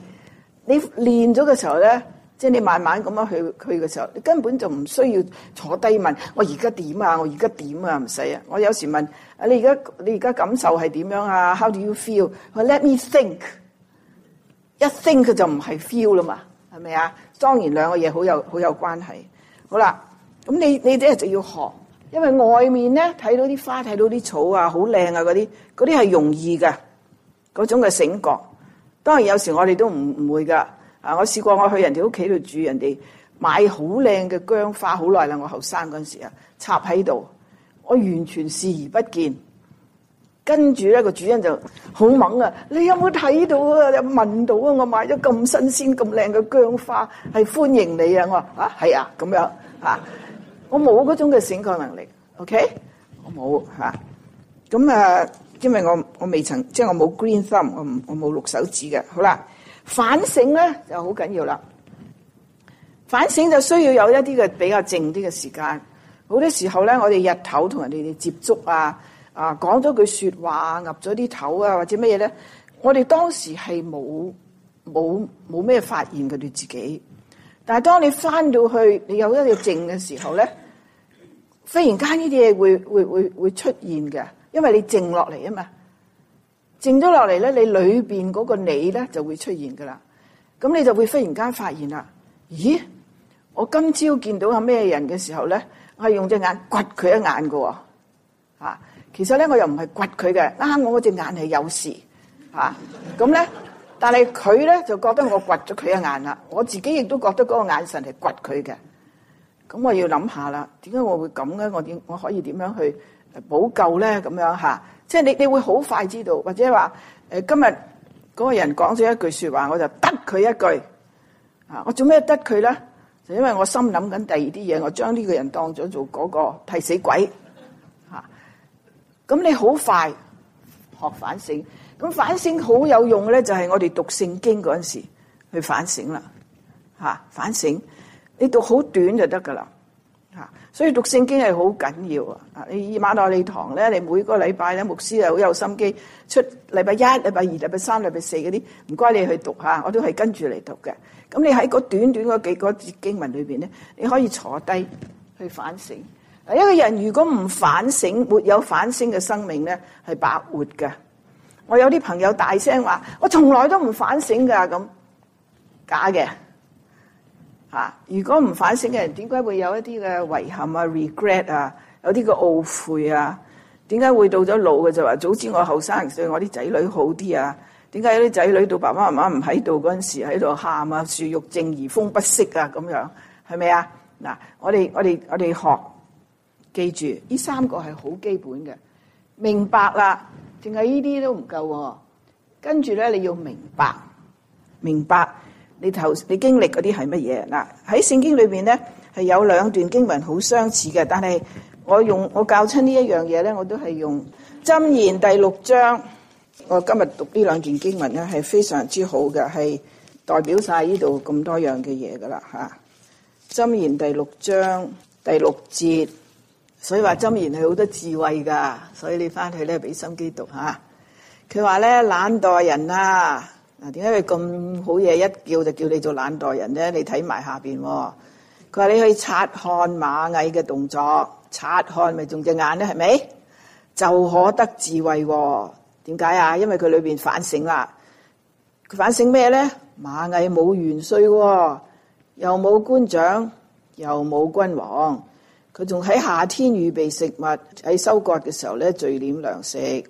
你練咗嘅時候咧。即係你慢慢咁樣去去嘅時候，你根本就唔需要坐低問我而家點啊，我而家點啊，唔使啊。我有時問現在現在啊，你而家你而家感受係點樣啊？How do you feel？Let me think。一 think 佢就唔係 feel 啦嘛，係咪啊？當然兩個嘢好有好有關係。好啦，咁你你哋就要學，因為外面咧睇到啲花睇到啲草啊，好靚啊嗰啲，嗰啲係容易嘅嗰種嘅醒覺。當然有時我哋都唔唔會噶。啊！我試過我去人哋屋企度住人家，人哋買好靚嘅薑花，好耐啦。我後生嗰陣時啊，插喺度，我完全視而不見。跟住咧，個主人就好猛啊！你有冇睇到啊？有聞到啊？我買咗咁新鮮、咁靚嘅薑花，係歡迎你啊！我話啊，係啊，咁樣嚇、啊，我冇嗰種嘅醒覺能力，OK？我冇嚇。咁啊，因為我我未曾即係我冇 green thumb，我我冇綠手指嘅，好啦。反省咧就好緊要啦，反省就需要有一啲嘅比較靜啲嘅時間。好多時候咧，我哋日頭同人哋哋接觸啊，啊講咗句說話啊，岌咗啲頭啊，或者乜嘢咧，我哋當時係冇冇冇咩發現佢哋自己。但係當你翻到去，你有一日靜嘅時候咧，忽然間呢啲嘢會會會會出現嘅，因為你靜落嚟啊嘛。靜咗落嚟咧，你裏邊嗰個你咧就會出現噶啦。咁你就會忽然間發現啦，咦？我今朝見到有咩人嘅時候咧，我係用隻眼掘佢一眼嘅喎。嚇，其實咧我又唔係掘佢嘅，啊！我嗰隻眼係有事嚇。咁咧，但係佢咧就覺得我掘咗佢一眼啦。我自己亦都覺得嗰個眼神係掘佢嘅。咁我要諗下啦，點解我會咁咧？我點我可以點樣去補救咧？咁樣嚇。即係你你會好快知道，或者話，誒今日嗰個人講咗一句說話，我就得佢一句啊！我做咩得佢咧？就因為我心諗緊第二啲嘢，我將呢個人當咗做嗰個替死鬼吓。咁你好快學反省，咁反省好有用嘅咧，就係我哋讀聖經嗰陣時去反省啦吓。反省你讀好短就得噶啦。所以讀聖經係好緊要啊！以馬內利堂咧，你每個禮拜咧，牧師又好有心機，出禮拜一、禮拜二、禮拜三、禮拜四嗰啲，唔該你去讀下。我都係跟住嚟讀嘅。咁你喺短短個幾個字經文裏邊，咧，你可以坐低去反省。一個人如果唔反省，沒有反省嘅生命咧，係白活㗎。我有啲朋友大聲話：我從來都唔反省㗎咁，假嘅。嚇、啊！如果唔反省嘅人，點解會有一啲嘅遺憾啊、regret 啊，有啲嘅懊悔啊？點解會到咗老嘅就話：早知我後生時，對我啲仔女好啲啊！點解有啲仔女到爸爸媽媽唔喺度嗰陣時，喺度喊啊、樹欲靜而風不息啊咁樣？係咪啊？嗱，我哋我哋我哋學，記住呢三個係好基本嘅，明白啦。淨係、啊、呢啲都唔夠，跟住咧你要明白，明白。你頭你經歷嗰啲係乜嘢？嗱，喺聖經裏邊咧，係有兩段經文好相似嘅。但係我用我教親呢一樣嘢咧，我都係用箴言第六章。我今日讀呢兩件經文咧，係非常之好嘅，係代表晒呢度咁多樣嘅嘢噶啦吓。箴言第六章第六節，所以話箴言係好多智慧噶，所以你翻去咧俾心機讀吓。佢話咧，懶惰人啊！嗱，點解佢咁好嘢？一叫就叫你做懶惰人咧？你睇埋下邊喎、哦。佢話你去察看螞蟻嘅動作，察看咪用隻眼咧，係咪？就可得智慧喎、哦。點解啊？因為佢裏邊反省啦。佢反省咩咧？螞蟻冇元帥喎、哦，又冇官長，又冇君王。佢仲喺夏天預備食物，喺收割嘅時候咧聚斂糧食。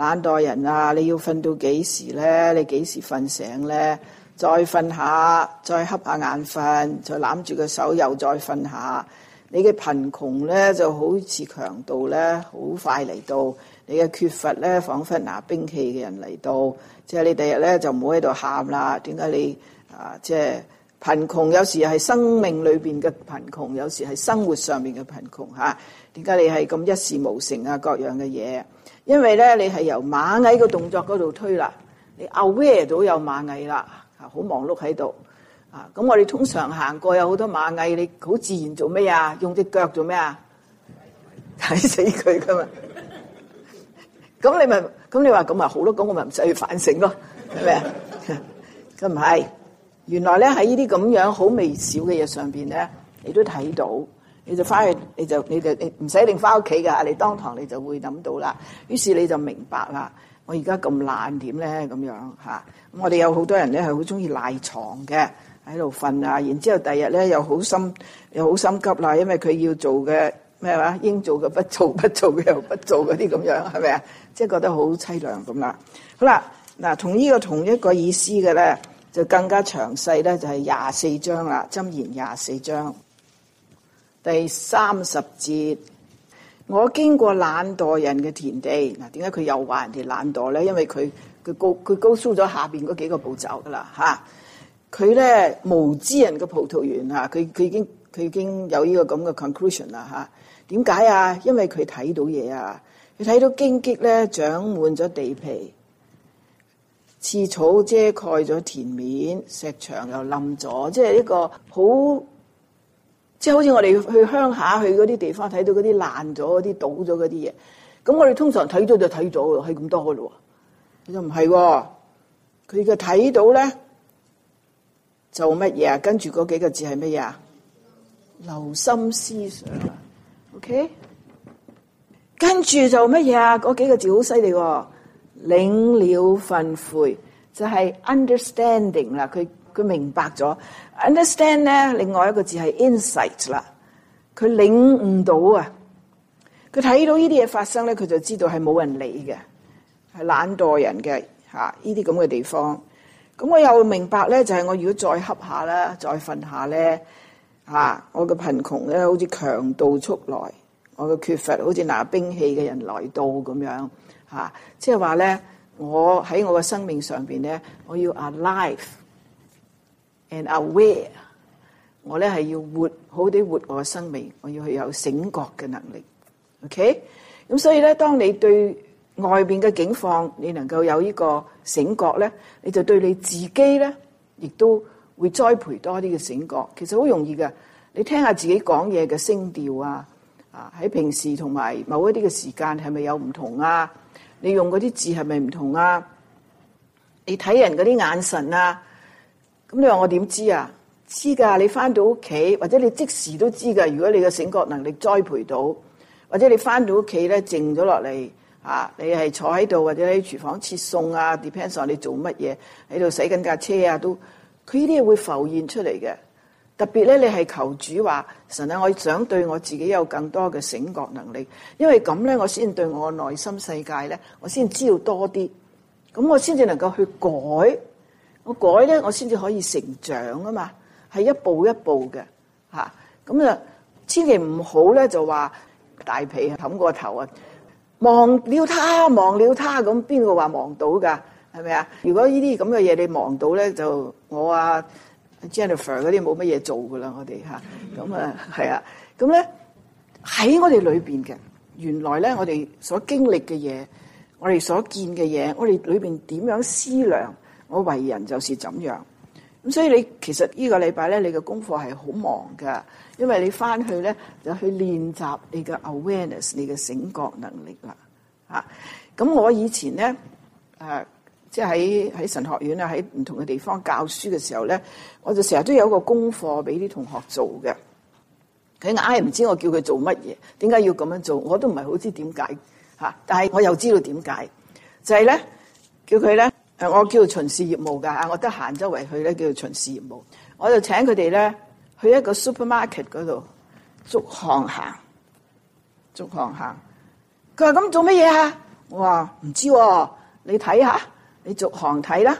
懶惰人啊！你要瞓到幾時呢？你幾時瞓醒呢？再瞓下，再瞌下眼瞓，再攬住個手又再瞓下。你嘅貧窮呢，就好似強盜呢，好快嚟到。你嘅缺乏呢，彷彿拿兵器嘅人嚟到。即係你第日呢，就唔好喺度喊啦。點解你啊？即係貧窮，有時係生命裏面嘅貧窮，有時係生活上面嘅貧窮嚇。點解你係咁一事無成啊？各樣嘅嘢。因為咧，你係由螞蟻個動作嗰度推啦，你 aware 到有螞蟻啦，啊好忙碌喺度，啊咁我哋通常行過有好多螞蟻，你好自然做咩啊？用隻腳做咩啊？睇死佢㗎嘛，咁 (laughs) (laughs) 你咪，咁你話咁咪好咯，咁我咪唔使去反省咯，係咪啊？咁唔係，原來咧喺呢啲咁樣好微小嘅嘢上邊咧，你都睇到。你就翻去，你就你就你唔使一定翻屋企噶，你當堂你就會諗到啦。於是你就明白啦。我而家咁懶，點咧咁樣嚇？咁我哋有好多人咧係好中意賴床嘅喺度瞓啊。然之後第日咧又好心又好心急啦，因為佢要做嘅咩話應做嘅不做，不做嘅又不做嗰啲咁樣係咪啊？即係覺得好凄涼咁啦。好啦，嗱，同呢個同一個意思嘅咧，就更加詳細咧，就係廿四章啦，《箴言》廿四章。第三十節，我經過懶惰人嘅田地。嗱，點解佢又話人哋懶惰咧？因為佢佢高佢告訴咗下邊嗰幾個步驟噶啦嚇。佢、啊、咧無知人嘅葡萄園嚇，佢、啊、佢已經佢已經有呢個咁嘅 conclusion 啦嚇。點解啊？因為佢睇到嘢啊，佢睇到荊棘咧長滿咗地皮，刺草遮蓋咗田面，石牆又冧咗，即係一個好。即係好似我哋去鄉下，去嗰啲地方睇到嗰啲爛咗、嗰啲倒咗嗰啲嘢，咁我哋通常睇咗就睇咗咯，係咁多咯，佢就唔係。佢嘅睇到咧，做乜嘢啊？跟住嗰幾個字係乜嘢啊？留心思想 OK 跟住就乜嘢啊？嗰幾個字好犀利喎，領了分悔就係、是、understanding 啦，佢。佢明白咗，understand 咧，另外一個字係 insight 啦。佢領悟到啊，佢睇到呢啲嘢發生咧，佢就知道係冇人理嘅，係懶惰人嘅吓。呢啲咁嘅地方，咁、嗯、我又明白咧，就係、是、我如果再瞌下啦，再瞓下咧吓，我嘅貧窮咧，好似強盜速來，我嘅缺乏好似拿兵器嘅人來到咁樣吓。即係話咧，我喺我嘅生命上邊咧，我要 alive。and aware，我咧係要活好啲，活我嘅生命。我要去有醒覺嘅能力，OK？咁、嗯、所以咧，當你對外面嘅境況，你能夠有呢個醒覺咧，你就對你自己咧，亦都會栽培多啲嘅醒覺。其實好容易㗎，你聽下自己講嘢嘅聲調啊，啊喺平時同埋某一啲嘅時間係咪有唔同啊？你用嗰啲字係咪唔同啊？你睇人嗰啲眼神啊？咁你話我點知啊？知噶，你翻到屋企或者你即時都知噶。如果你嘅醒覺能力栽培到，或者你翻到屋企咧靜咗落嚟，啊你係坐喺度或者喺廚房切餸啊，depends on 你做乜嘢喺度洗緊架車啊，都佢呢啲嘢會浮現出嚟嘅。特別咧，你係求主話神啊，我想對我自己有更多嘅醒覺能力，因為咁咧，我先對我內心世界咧，我先知道多啲，咁我先至能夠去改。我改咧，我先至可以成長啊嘛，係一步一步嘅吓。咁啊，千祈唔好咧就話大被冚過頭啊！忘了他，忘了他，咁邊個話忘到㗎？係咪啊？如果呢啲咁嘅嘢你忘到咧，就我啊 Jennifer 嗰啲冇乜嘢做㗎喇，我哋吓。咁啊、 (laughs) 嗯，係啊。咁咧喺我哋裏邊嘅，原來咧我哋所經歷嘅嘢，我哋所見嘅嘢，我哋裏邊點樣思量？我為人就是怎樣，咁所以你其實呢個禮拜咧，你嘅功課係好忙噶，因為你翻去咧就去練習你嘅 awareness，你嘅醒覺能力啦，吓、啊。咁我以前咧，誒、啊，即係喺喺神學院啊，喺唔同嘅地方教書嘅時候咧，我就成日都有一個功課俾啲同學做嘅。佢硬係唔知我叫佢做乜嘢，點解要咁樣做？我都唔係好知點解吓，但係我又知道點解，就係、是、咧叫佢咧。我叫巡視業務噶，我得閒周圍去咧叫巡視業務。我就請佢哋咧去一個 supermarket 嗰度逐行行，逐行行。佢話咁做乜嘢啊？我話唔知，你睇下，你逐行睇啦。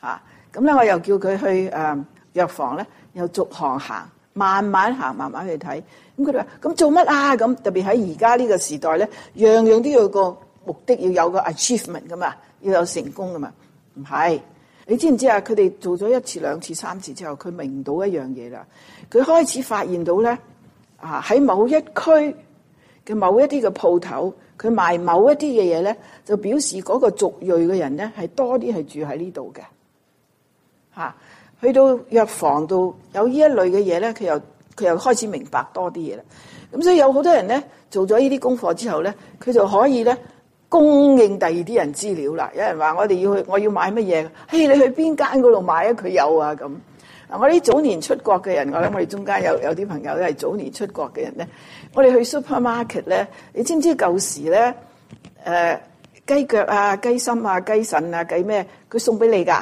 吓咁咧，我又叫佢去誒藥房咧，又逐行行，慢慢行，慢慢去睇。咁佢哋話咁做乜啊？咁特別喺而家呢個時代咧，樣樣都要有個目的，要有個 achievement 噶嘛，要有成功噶嘛。唔係，你知唔知啊？佢哋做咗一次、兩次、三次之後，佢明到一樣嘢啦。佢開始發現到咧，啊喺某一區嘅某一啲嘅鋪頭，佢賣某一啲嘅嘢咧，就表示嗰個族裔嘅人咧係多啲係住喺呢度嘅。嚇，去到藥房度有呢一類嘅嘢咧，佢又佢又開始明白多啲嘢啦。咁所以有好多人咧做咗呢啲功課之後咧，佢就可以咧，供應第二啲人資料啦，有人話我哋要去，我要買乜嘢？嘿，你去邊間嗰度買啊？佢有啊咁。我啲早年出國嘅人，我諗我哋中間有有啲朋友都係早年出國嘅人咧。我哋去 supermarket 咧，你知唔知舊時咧、呃？雞腳啊、雞心啊、雞腎啊、雞咩？佢送俾你㗎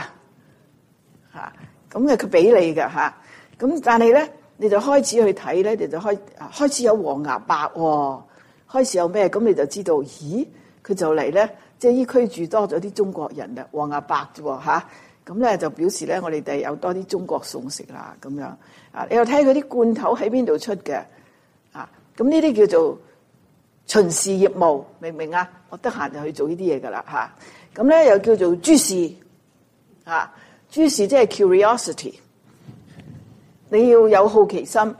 嚇咁佢俾你㗎嚇咁、啊、但係咧，你就開始去睇咧，你就開始,開始有黃牙白、哦，開始有咩？咁你就知道，咦？佢就嚟呢，即係依區住多咗啲中國人啦，黃阿伯啫喎，咁呢就表示呢，我哋哋有多啲中國餸食啦，咁樣，啊，你又睇佢啲罐頭喺邊度出嘅？咁呢啲叫做巡視業務，明唔明啊？我得閒就去做呢啲嘢㗎啦，咁呢又叫做諸事啊，諸事即係 curiosity，你要有好奇心，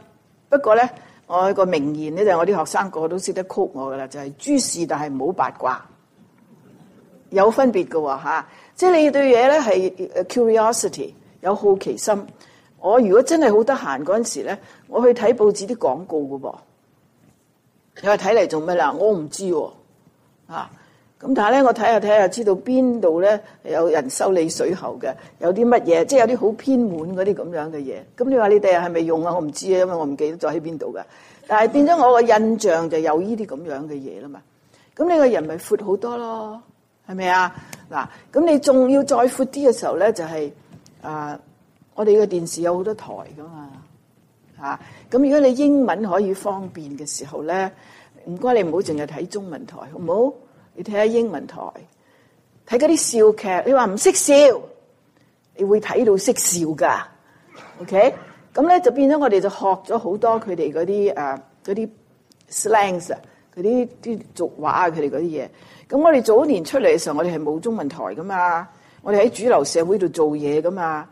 不過呢。我有個名言呢，就係、是、我啲學生個個都識得曲我噶啦，就係、是、諸事但係唔好八卦，有分別噶吓、啊。即係你對嘢咧係 curiosity 有好奇心。我如果真係好得閒嗰陣時咧，我去睇報紙啲廣告噶噃，你話睇嚟做咩啦？我唔知啊。咁但係咧，我睇下睇下，知道邊度咧有人修理水喉嘅，有啲乜嘢，即係有啲好偏門嗰啲咁樣嘅嘢。咁你話你第日係咪用啊？我唔知啊，因為我唔記得咗喺邊度噶。但係變咗我個印象就有呢啲咁樣嘅嘢啦嘛。咁你個人咪闊好多咯，係咪啊？嗱，咁你仲要再闊啲嘅時候咧，就係、是、啊，我哋個電視有好多台噶嘛，咁、啊、如果你英文可以方便嘅時候咧，唔該你唔好淨係睇中文台，好唔好？你睇下英文台，睇嗰啲笑劇，你話唔識笑，你會睇到識笑噶。OK，咁咧就變咗我哋就學咗好多佢哋嗰啲誒啲 slangs，嗰啲啲俗話啊，佢哋啲嘢。咁我哋早年出嚟嘅時候，我哋係冇中文台噶嘛，我哋喺主流社會度做嘢噶嘛，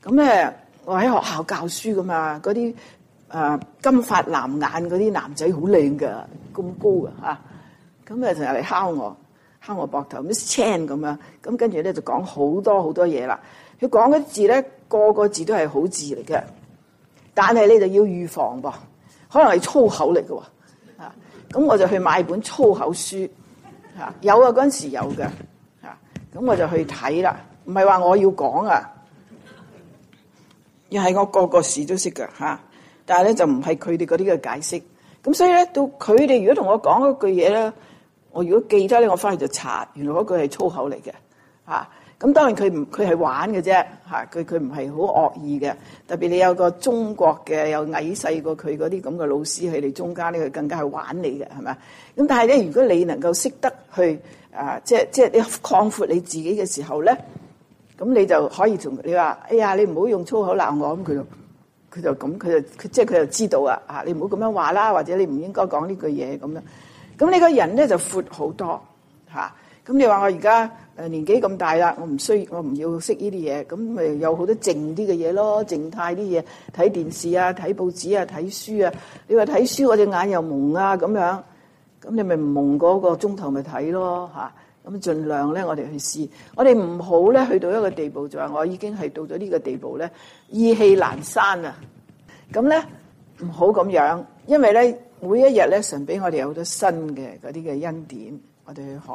咁咧我喺學校教書噶嘛，啲、誒、金髮藍眼啲男仔好靚噶，咁高噶嚇咁啊！成日嚟敲我，敲我膊頭，Miss Chan 咁樣咁，跟住咧就講好多好多嘢啦。佢講嘅字咧，個個字都係好字嚟嘅，但係你就要預防噃，可能係粗口嚟嘅喎。咁我就去買本粗口書嚇，有啊，嗰陣時有嘅嚇。咁我就去睇啦，唔係話我要講啊，又係我個個字都識㗎吓，但係咧就唔係佢哋嗰啲嘅解釋。咁所以咧，到佢哋如果同我講嗰句嘢咧。我如果記得咧，我翻去就查，原來嗰句係粗口嚟嘅嚇。咁、啊、當然佢唔佢係玩嘅啫嚇，佢佢唔係好惡意嘅。特別你有個中國嘅有矮細過佢嗰啲咁嘅老師喺你中間呢，佢更加係玩你嘅係咪？咁但係咧，如果你能夠識得去啊，即即你擴闊你自己嘅時候咧，咁你就可以同你話：哎呀，你唔好用粗口鬧我咁。佢就佢就咁，佢就即即佢就知道啊嚇！你唔好咁樣話啦，或者你唔應該講呢句嘢咁樣。咁你個人咧就闊好多吓，咁、啊、你話我而家年紀咁大啦，我唔需要，我唔要識呢啲嘢，咁咪有好多靜啲嘅嘢咯，靜態啲嘢，睇電視啊，睇報紙啊，睇書啊。你話睇書我隻眼又蒙啊咁樣，咁你咪唔朦嗰個鐘頭咪睇咯嚇。咁、啊、盡量咧，我哋去試，我哋唔好咧去到一個地步，就係、是、我已經係到咗呢個地步咧，意氣闌珊啊。咁咧唔好咁樣，因為咧。每一日咧，神俾我哋有好多新嘅嗰啲嘅恩典，我哋去學。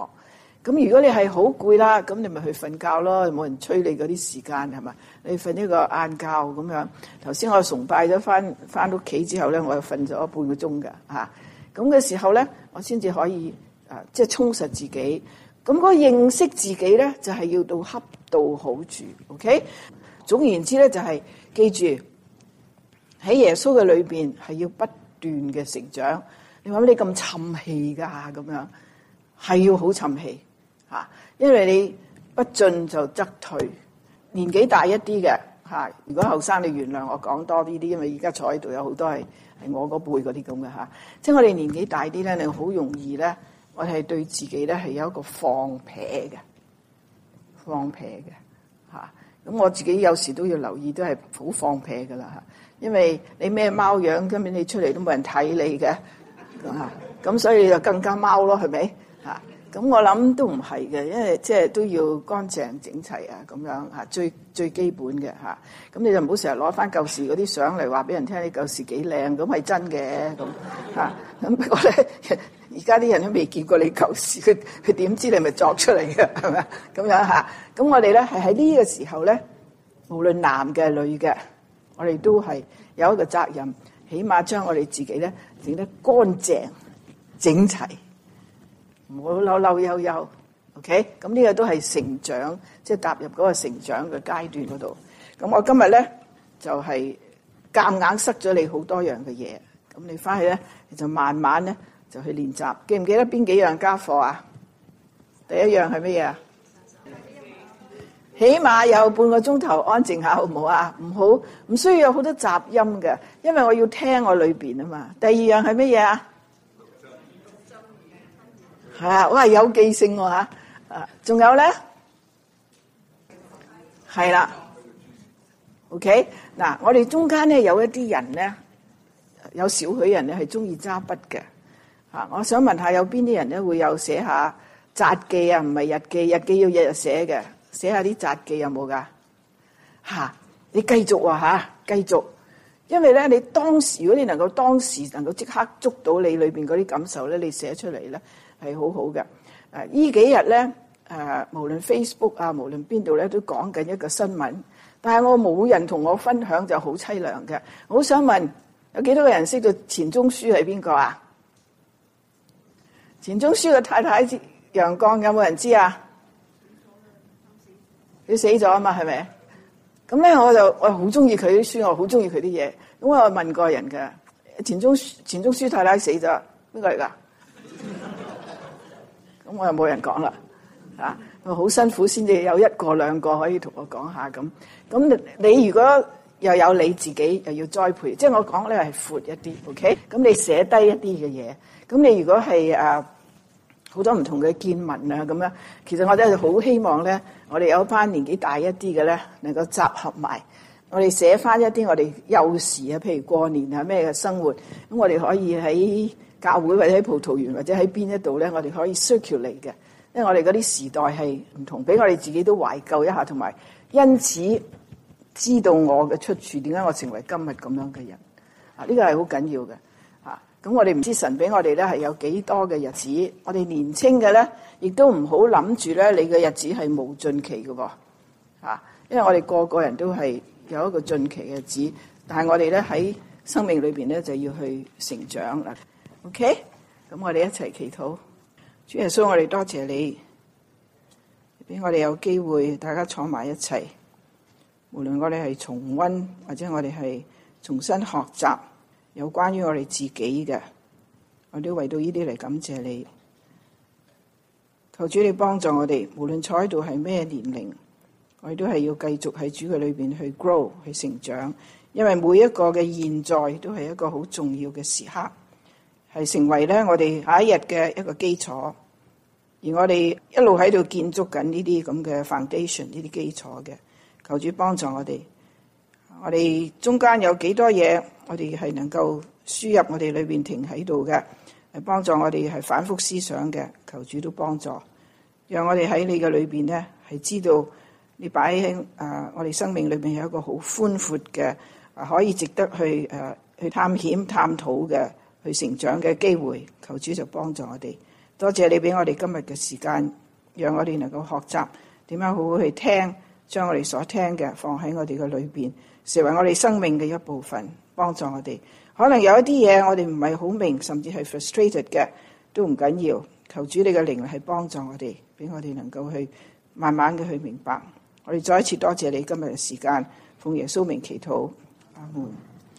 咁如果你係好攰啦，咁你咪去瞓覺咯，冇人催你嗰啲時間係嘛？你瞓呢個晏覺咁樣。頭先我崇拜咗翻翻屋企之後咧，我又瞓咗半個鐘噶吓。咁、啊、嘅時候咧，我先至可以啊即係充實自己。咁個認識自己咧，就係、是、要到恰到好處。OK，總言之咧，就係、是、記住喺耶穌嘅裏邊係要不段嘅成長，你話乜你咁沉氣噶，咁樣，係要好沉氣，因為你不進就則退。年紀大一啲嘅，如果後生你原諒我講多啲啲，因為而家坐喺度有好多係我嗰輩嗰啲咁嘅。即係我哋年紀大啲咧，你好容易咧，我哋係對自己咧係有一個放屁嘅，放屁嘅，咁我自己有時都要留意，都係好放屁噶啦因為你咩貓樣，根本你出嚟都冇人睇你嘅，嚇咁所以就更加貓咯，係咪？嚇咁我諗都唔係嘅，因為即係都要乾淨整齊啊，咁樣嚇最最基本嘅嚇。咁你就唔好成日攞翻舊時嗰啲相嚟話俾人聽你舊時幾靚，咁係真嘅咁嚇。咁不過咧，而家啲人都未見過你舊時，佢佢點知你咪作出嚟嘅，係咪？咁樣嚇。咁我哋咧係喺呢個時候咧，無論男嘅女嘅。我哋都係有一個責任，起碼將我哋自己咧整得乾淨整齊，唔好溜溜悠悠。OK，咁呢個都係成長，即係踏入嗰個成長嘅階段嗰度。咁我今日咧就係夾硬塞咗你好多樣嘅嘢，咁你翻去咧就慢慢咧就去練習。記唔記得邊幾樣家課啊？第一樣係乜嘢啊？起碼有半個鐘頭安靜下，好唔好啊？唔好，唔需要有好多雜音嘅，因為我要聽我裏邊啊嘛。第二樣係咩嘢啊？係啊，我係有記性喎嚇。啊，仲有呢？係啦。OK 嗱，我哋中間呢，有一啲人呢，有少許人呢係中意揸筆嘅嚇。我想問下有邊啲人呢會有寫下札記啊？唔係日記，日記要日日寫嘅。寫下啲札記有冇㗎？吓、啊、你繼續啊嚇、啊，繼續。因為咧，你當時如果你能夠當時能夠即刻捉到你裏面嗰啲感受咧，你寫出嚟咧係好好嘅。啊、呢依幾日咧誒，無論 Facebook 啊，無論邊度咧，都講緊一個新聞。但係我冇人同我分享，就好凄涼嘅。我好想問，有幾多個人識到錢鍾書係邊個啊？錢鍾書嘅太太楊絳有冇人知啊？你死咗啊嘛，係咪？咁咧我就我好中意佢啲書，我好中意佢啲嘢。咁我問過人噶，錢鍾錢鍾書太太死咗，邊個嚟㗎？咁 (laughs) 我又冇人講啦，啊！好辛苦先至有一個兩個可以同我講下咁。咁你如果又有你自己又要栽培，即係我講咧係闊一啲，OK？咁你寫低一啲嘅嘢，咁你如果係啊？好多唔同嘅見聞啊，咁樣其實我真係好希望咧，我哋有一班年紀大一啲嘅咧，能夠集合埋，我哋寫翻一啲我哋幼時啊，譬如過年啊咩嘅生活，咁我哋可以喺教會或者喺葡萄園或者喺邊一度咧，我哋可以 circle 嚟嘅，因為我哋嗰啲時代係唔同，俾我哋自己都懷舊一下，同埋因此知道我嘅出處，點解我成為今日咁樣嘅人啊？呢個係好緊要嘅。咁我哋唔知神俾我哋呢係有幾多嘅日子，我哋年輕嘅呢，亦都唔好諗住呢：「你嘅日子係冇盡期㗎喎。」因為我哋個個人都係有一個盡期嘅日子，但係我哋呢喺生命裏面呢，就要去成長喇。OK，咁我哋一齊祈禱，主耶穌，我哋多謝你，俾我哋有機會，大家坐埋一齊，無論我哋係重溫，或者我哋係重新學習。有關於我哋自己嘅，我都為到呢啲嚟，感謝你。求主你幫助我哋，無論坐喺度係咩年齡，我哋都係要繼續喺主佢裏邊去 grow 去成長，因為每一個嘅現在都係一個好重要嘅時刻，係成為咧我哋下一日嘅一個基礎。而我哋一路喺度建築緊呢啲咁嘅 foundation 呢啲基礎嘅，求主幫助我哋。我哋中間有幾多嘢？我哋係能夠輸入我哋裏邊停喺度嘅，係幫助我哋係反復思想嘅。求主都幫助，讓我哋喺你嘅裏邊呢，係知道你擺喺誒我哋生命裏邊有一個好寬闊嘅，可以值得去誒去探險、探討嘅，去成長嘅機會。求主就幫助我哋，多謝你俾我哋今日嘅時間，讓我哋能夠學習點樣好好去聽，將我哋所聽嘅放喺我哋嘅裏邊，成為我哋生命嘅一部分。幫助我哋，可能有一啲嘢我哋唔係好明，甚至係 frustrated 嘅，都唔緊要。求主你嘅靈力係幫助我哋，俾我哋能夠去慢慢嘅去明白。我哋再一次多謝你今日嘅時間，奉耶穌名祈禱，阿門。